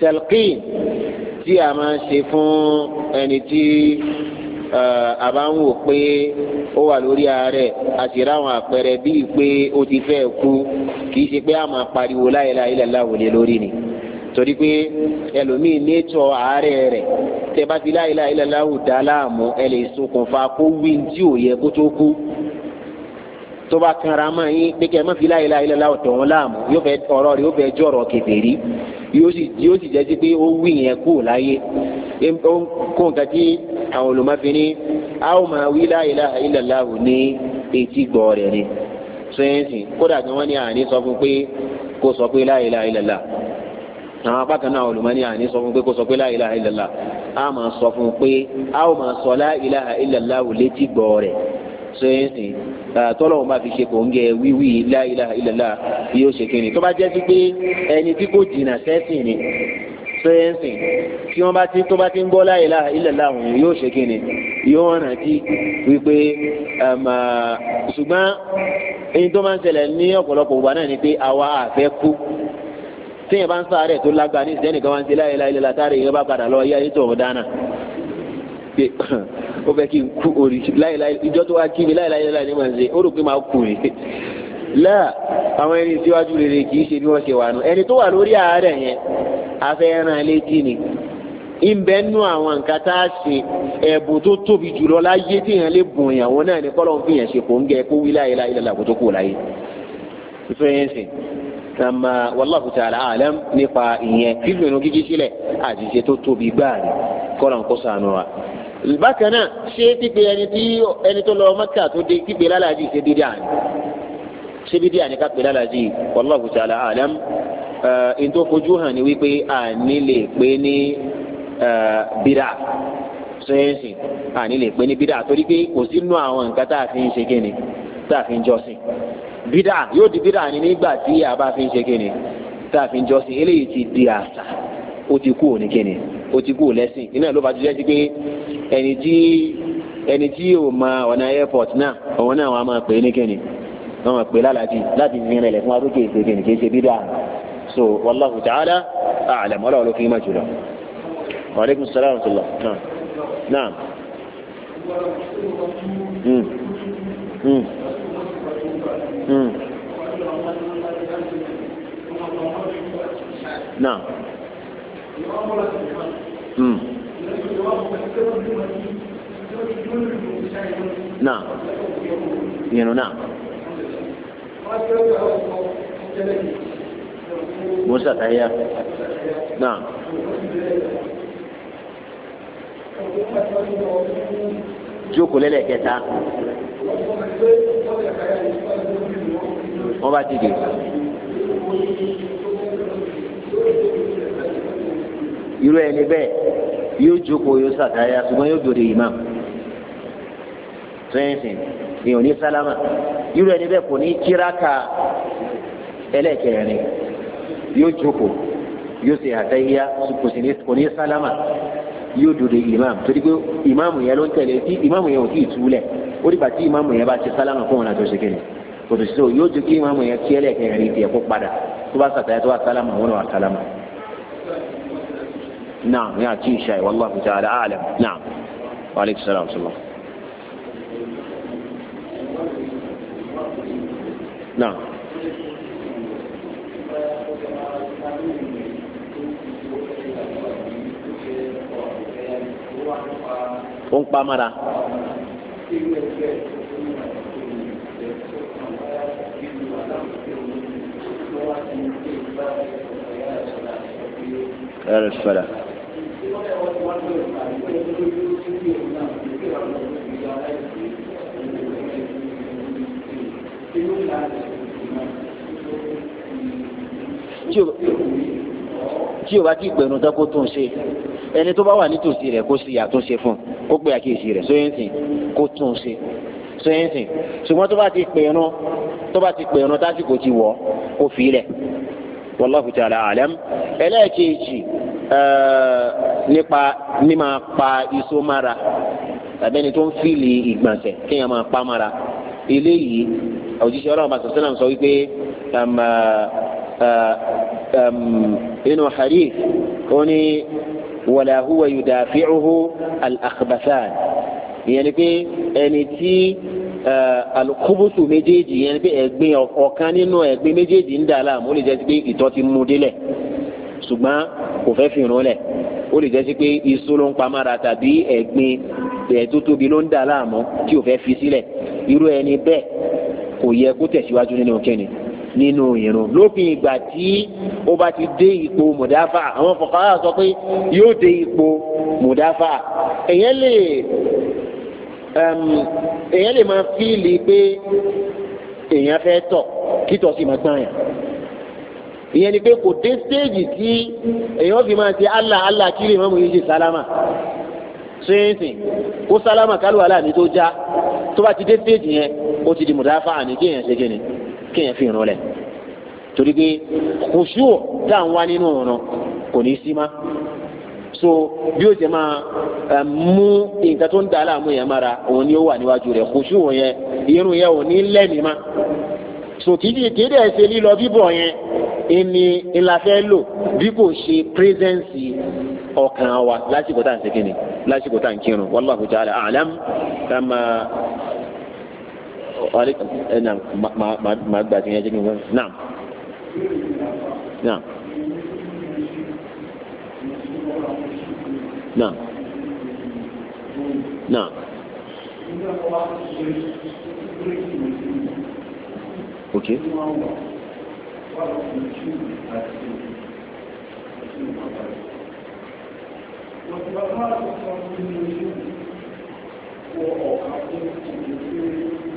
tẹlqin tí a máa ń ṣe fún ẹni tí a bá ń wò pé ó wà lórí ààrẹ àti ráwọn àpẹẹrẹ bíi pé ó ti fẹ́ kú kì í ṣe pé a máa pariwo láìláì lẹ́láwò lé lórí ni torí pé ẹlòmíì nítọ́ ààrẹ rẹ̀ tẹ bá ti láìláì lẹ́láwò dá láàmú ẹ lè ṣokùnfà kó wí tí ò yẹ kó tó kú tó bá kanra mọ́ yín pé kẹ́ ẹ má fi láyé láyé lọ́la ọ̀tọ̀ wọn láàmú yóò fẹ́ ọ̀rọ̀ rẹ̀ yóò fẹ́ jọ̀rọ̀ kèfèrí yóò sì yóò sì jẹ́ sí pé ó wí yẹn kú láyé ó ń kó nǹkan tí àwọn olùmọ̀fin ní a ó máa wí láyé láyé lọ́la ò ní etí gbọ́ rẹ̀ ni sẹ́yìnsì kódà tí wọ́n ní àní sọ fún pé kó sọ pé láyé láyé lọ́la àwọn apá kan náà olùmọ̀ ní àní sọ fún pé kó sọ pé láyé láyé lọ́la a máa sọ fún pé a ó máa sọ láyé láyé lọ́la ò létí gbọ́ rẹ̀ sẹ́yìnsì tọ́lọ́wọ́n máa fi ṣe kòńgẹ́ wíwí la ilaha illallah yóò ṣe kínní tó bá jẹ́ sí pé ẹni tí kò jìnnà sẹ́sìn ni sẹ́yìnsì tí wọ́n bá ti tó bá ti ń gbọ́ la ilaha illallah àwọn èèyàn yóò ṣe kínní yóò rántí wípé ṣùgbọ́n èyí tó máa ń ṣẹlẹ̀ ní ọ̀pọ̀lọpọ̀ ìgbà náà ni pé àwa àfẹ́ kú téèyàn bá ń sáré tó lágbá ní ìsẹ́nìkan wá ń ṣe la pé ó fẹ́ kí n kú orí láìláì ìjọ tó wá kí mi láìláì láì ní màá ṣe ó rò pé màá kú mi. láà àwọn ẹni síwájú rere kì í ṣe bí wọ́n ṣe wà nù ẹni tó wà lórí àárẹ̀ yẹn afẹ́ràn létí ni ìbẹ́nu àwọn nǹkan tá a ṣe ẹ̀bùn tó tóbi jùlọ láyé tí yẹn lè bùn yàn wọn náà ni kọ́lọ́ fi yàn ṣe kò ń gẹ kó wí láyé láyé lọ́la kó tó kù láyé. ìfẹ́ yẹn nǹkan máa wallahu ta'ala alam nípa ìyẹn fífi irun gígí sílẹ̀ àṣìṣe tó tóbi gbáà ni kọ́ra ń kó sànù wa. bákan náà ṣé pípe ẹni tí ẹni tó lọ Mẹ́kà tó dé pípe lálàájì ṣe dídí àná ṣé dídí àná ká pè lálàájì wallahu ta'ala alam ntọ́ fojú hàn ní wípé àní lè pé ní bídà sẹ́yìnsì àní lè pé ní bídà torí pé kò sínú àwọn nǹkan tá a fi ń ṣe kíni tá a fi ń jọ́sìn. bídà yóò di bídà ni nígbà tí a bá fi ń ṣe kíni tá a fi ń ti di àṣà ó ti kú òní kíni ó ti kú lẹ́sìn iná ló bá ti jẹ́ pé ẹni tí ẹni tí ò mọ ọ̀nà airport náà òun náà wọn a máa pè é ní kíni wọn máa pè é lálàájì láti fi so wallahu ta'ala a'lam ló fi má salaam wa
náà. náà ìrun náà. musa tahiya náà
jókòó lẹ́lẹ́kẹta wọ́n bá dìde. irú ẹni bẹ́ẹ̀ yóò jókòó yóò sàtáyà ṣùgbọ́n yóò dòde ìmáàmù fẹ́ǹsìn èèyàn ní sálámà irú ẹni bẹ́ẹ̀ kò ní kíráka ẹlẹ́kẹrin yóò jókòó yóò ṣe àtẹ́yà kò ní sálámà yóò dòde imam torí pé imam yẹn ló ń tẹ̀lé tí imam yẹn ò tí ì túlẹ̀ ó dìgbà tí imam yẹn bá ti sálámà fún wọn àti oṣù kìíní kòtò sí so yóò jẹ́ kí imam yẹn kí ẹlẹ́ẹ̀kẹ́ rẹ̀ tiẹ̀ kó padà tó bá sàtàyà tó bá sálámà wọn wà sálámà. naam yà á kí ìṣá yìí wallahu ta'ala a'lam naam wa aleykum salaam wa rahmatulah. naam. ó ń pa mára. ẹrẹ fẹlẹ. tí o bá ti gbẹ̀rù tán kó tún un ṣe ẹni tó bá wà nítòsí rẹ̀ kó sì àtúnṣe fún un kó pe àkíyèsí rẹ̀ sóyẹ́ǹsì kó tún un ṣe sóyẹ́ǹsì ṣùgbọ́n tó bá ti pè ẹran tó bá ti pè ẹran tásìkò ti wọ̀ kó fi ilẹ̀ wallahu ta'ala alam ẹlẹ́ẹ̀kejì eh, nípa mímá pa iṣó mára tàbí ẹni tó ń fìlì ìgbọ̀nsẹ̀ kéèyàn máa pa mára eléyìí òjíṣẹ́ ọlọ́run bàtà sẹ́nà sọ wípé inú um, eh, eh, um, hadith ó ní wala huwa yudafi'uhu al-akhbathan ìyẹn ni pé ẹni tí eh, alukubusu méjèèjì yẹn ni pé ẹ̀gbin ọ̀kan nínú ẹ̀gbin méjèèjì ń dà láàmú ó lè jẹ́ sí pé ìtọ̀ ti mú délẹ̀ ṣùgbọ́n kò fẹ́ fi irun lẹ̀ ó lè jẹ́ sí pé iṣu ló ń pamọ́ra tàbí ẹ̀gbin ẹ̀ tó tóbi ló ń dà láàmú tí ò fẹ́ fi sílẹ̀ irú ẹni bẹ́ẹ̀ kò yẹ kó tẹ̀síwájú nínú kẹ́ni nínú irun lópin ìgbà tí ó bá ti dé ipò mùdáfà àwọn fọkàrà sọ pé yóò dé ipò mùdáfà èyàn lè èyàn lè máa fíìlì pé èyàn fẹ́ tọ̀ kítọ̀ sì máa gbọ́n yàn ìyẹn ni pé kò dé stéèjì tí èyàn fi máa ti Allah Allah kí lè má mú yín ṣe sálámà sẹ́yìntìn kó sálámà kálù aláàní tó já tó bá ti dé stéèjì yẹn ó ti di mùdáfà àní kéèyàn ṣe kéèyàn kéèyàn fi ìrun lẹ̀ torí pé kùsù tá à ń wá nínú ọ̀nà kò ní í sí má so bí o ṣe máa mú nǹkan tó ń da aláàmú yẹn mára òun ni ó wà níwájú rẹ̀ kùsù yẹn irun yẹn ò ní lẹ́mìí má so kìdí kéde ẹsẹ lílọ bíbọ̀ yẹn ìní ńlá fẹ́ lò bí kò ṣe pírẹsẹǹsì ọkàn wa lásìkò tá à ń ṣe lásìkò tá à ń kírun wallahu ta'ala a'lam aleykum ẹ eh, na ma gba ti yẹn jẹ kí n gbọ́ naam naam naam naam
ok. Thank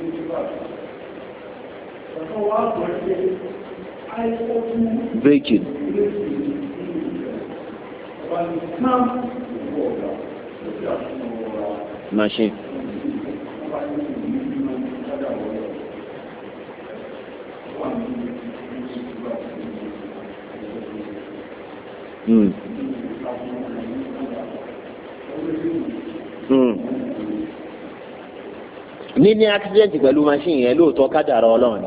Breaking. Machine. Hmm. níní accident pẹ̀lú machine yẹn lóòótọ́ kádàrá ọlọ́run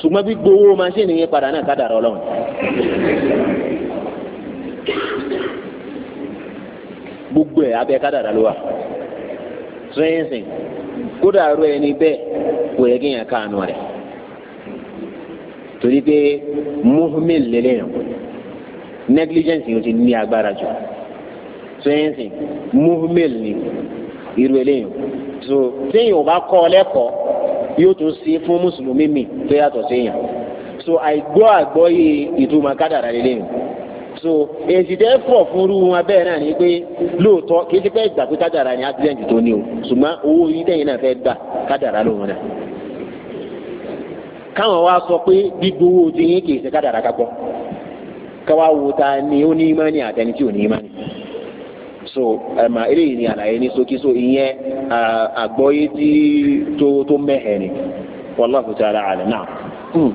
ṣùgbọ́n bí gbowó machine yẹn padà náà kádàrá ọlọ́run. gbogbo ẹ abẹ́ kada ló wà trẹ́nsìn kódà rọ ẹni bẹ́ẹ̀ kò yẹ kí yẹn káànú rẹ̀ torí pé negligence ti ní agbára jù trẹ́nsìn irú eléyìí so téèyàn ò bá kọ́ ọ lẹ́kọ̀ọ́ yóò tún sí fún mùsùlùmí mi tó yàtọ̀ séèyàn so àìgbọ́ àgbọ́ yìí ìtumọ̀ kádàrá eléyìí so èsì tẹ́ fọ̀ fúnrú wọn bẹ́ẹ̀ náà ni pé lóòótọ́ kì í ṣe pé ìgbà pé kádàrá ni accident tó ní o ṣùgbọ́n owó yìí tẹ̀yìn náà fẹ́ gbà kádàrá lòun náà káwọn wá sọ pé gbígbówó ti yín kì í ṣe kádàrá kápọ̀ káwá wo ta ni ó ní ìmánì àtẹni tí ò ní ìmánì. so ẹ̀mà eléyìí ni àlàyé ní ṣókí so ìyẹn àgbọ́yé tí tó tó mẹ́hẹ̀ ni wallahu ta'ala a'lam náà. Hmm.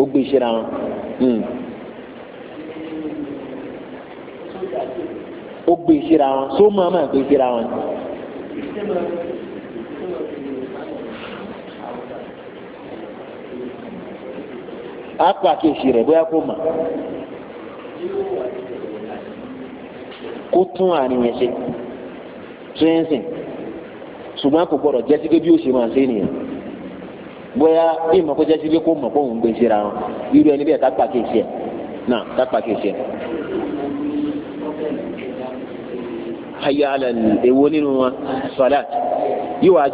ó gbé iṣẹ́ ra wọn. Hmm. ó gbé iṣẹ́ ra wọn só máa máa gbé iṣẹ́ ra apá kejì rẹ̀ bóyá kó ma kó tún àníyàn ṣe tírẹ́nsìn ṣùgbọ́n kò gbọ́dọ̀ jẹ́ bí ó ṣe máa ṣe nìyẹn bóyá bí ìmọ̀ kó jẹ́ kó mọ̀ kó òun gbé síra wọn irú ẹni bẹ́ẹ̀ kápá kejì ẹ̀ náà kápá ẹ̀. ayé alẹ́ nínú wọn yóò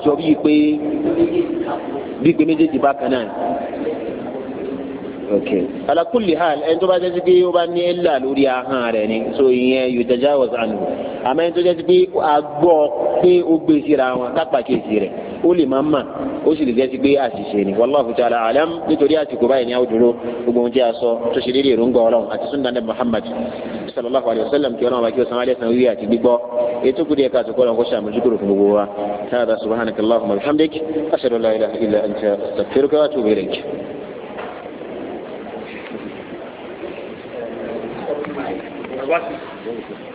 ala kulli hal ẹni tó bá jẹ́ pé ó bá ní ẹ̀là lórí ahọ́n rẹ̀ ni so ìyẹn yutajawaz anhu àmọ́ ẹni tó jẹ́ pé a gbọ́ pé ó gbé síra wọn kápá kéèsì rẹ̀ ó lè máa mà ó sì lè jẹ́ pé àṣìṣe ni wallahu ta'ala alam nítorí àsìkò báyìí ni a ó dúró gbogbo ohun tí a sọ tó ṣe déédéé èròǹgbà ọlọ́run àti sunna nabi muhammad sallallahu alayhi wa sallam kí ọlọ́run bá kí ó san alẹ́ san wíwí àti gbígbọ́ ètò kùdí ẹ̀ka àtúkọ́ ọlọ́run kó ṣàmójú kúrò fún gbogbo wa ta'ala subhanaka allahumma bihamdik ashhadu an la ilaha illa anta astaghfiruka wa atubu ilayk.
wá sí.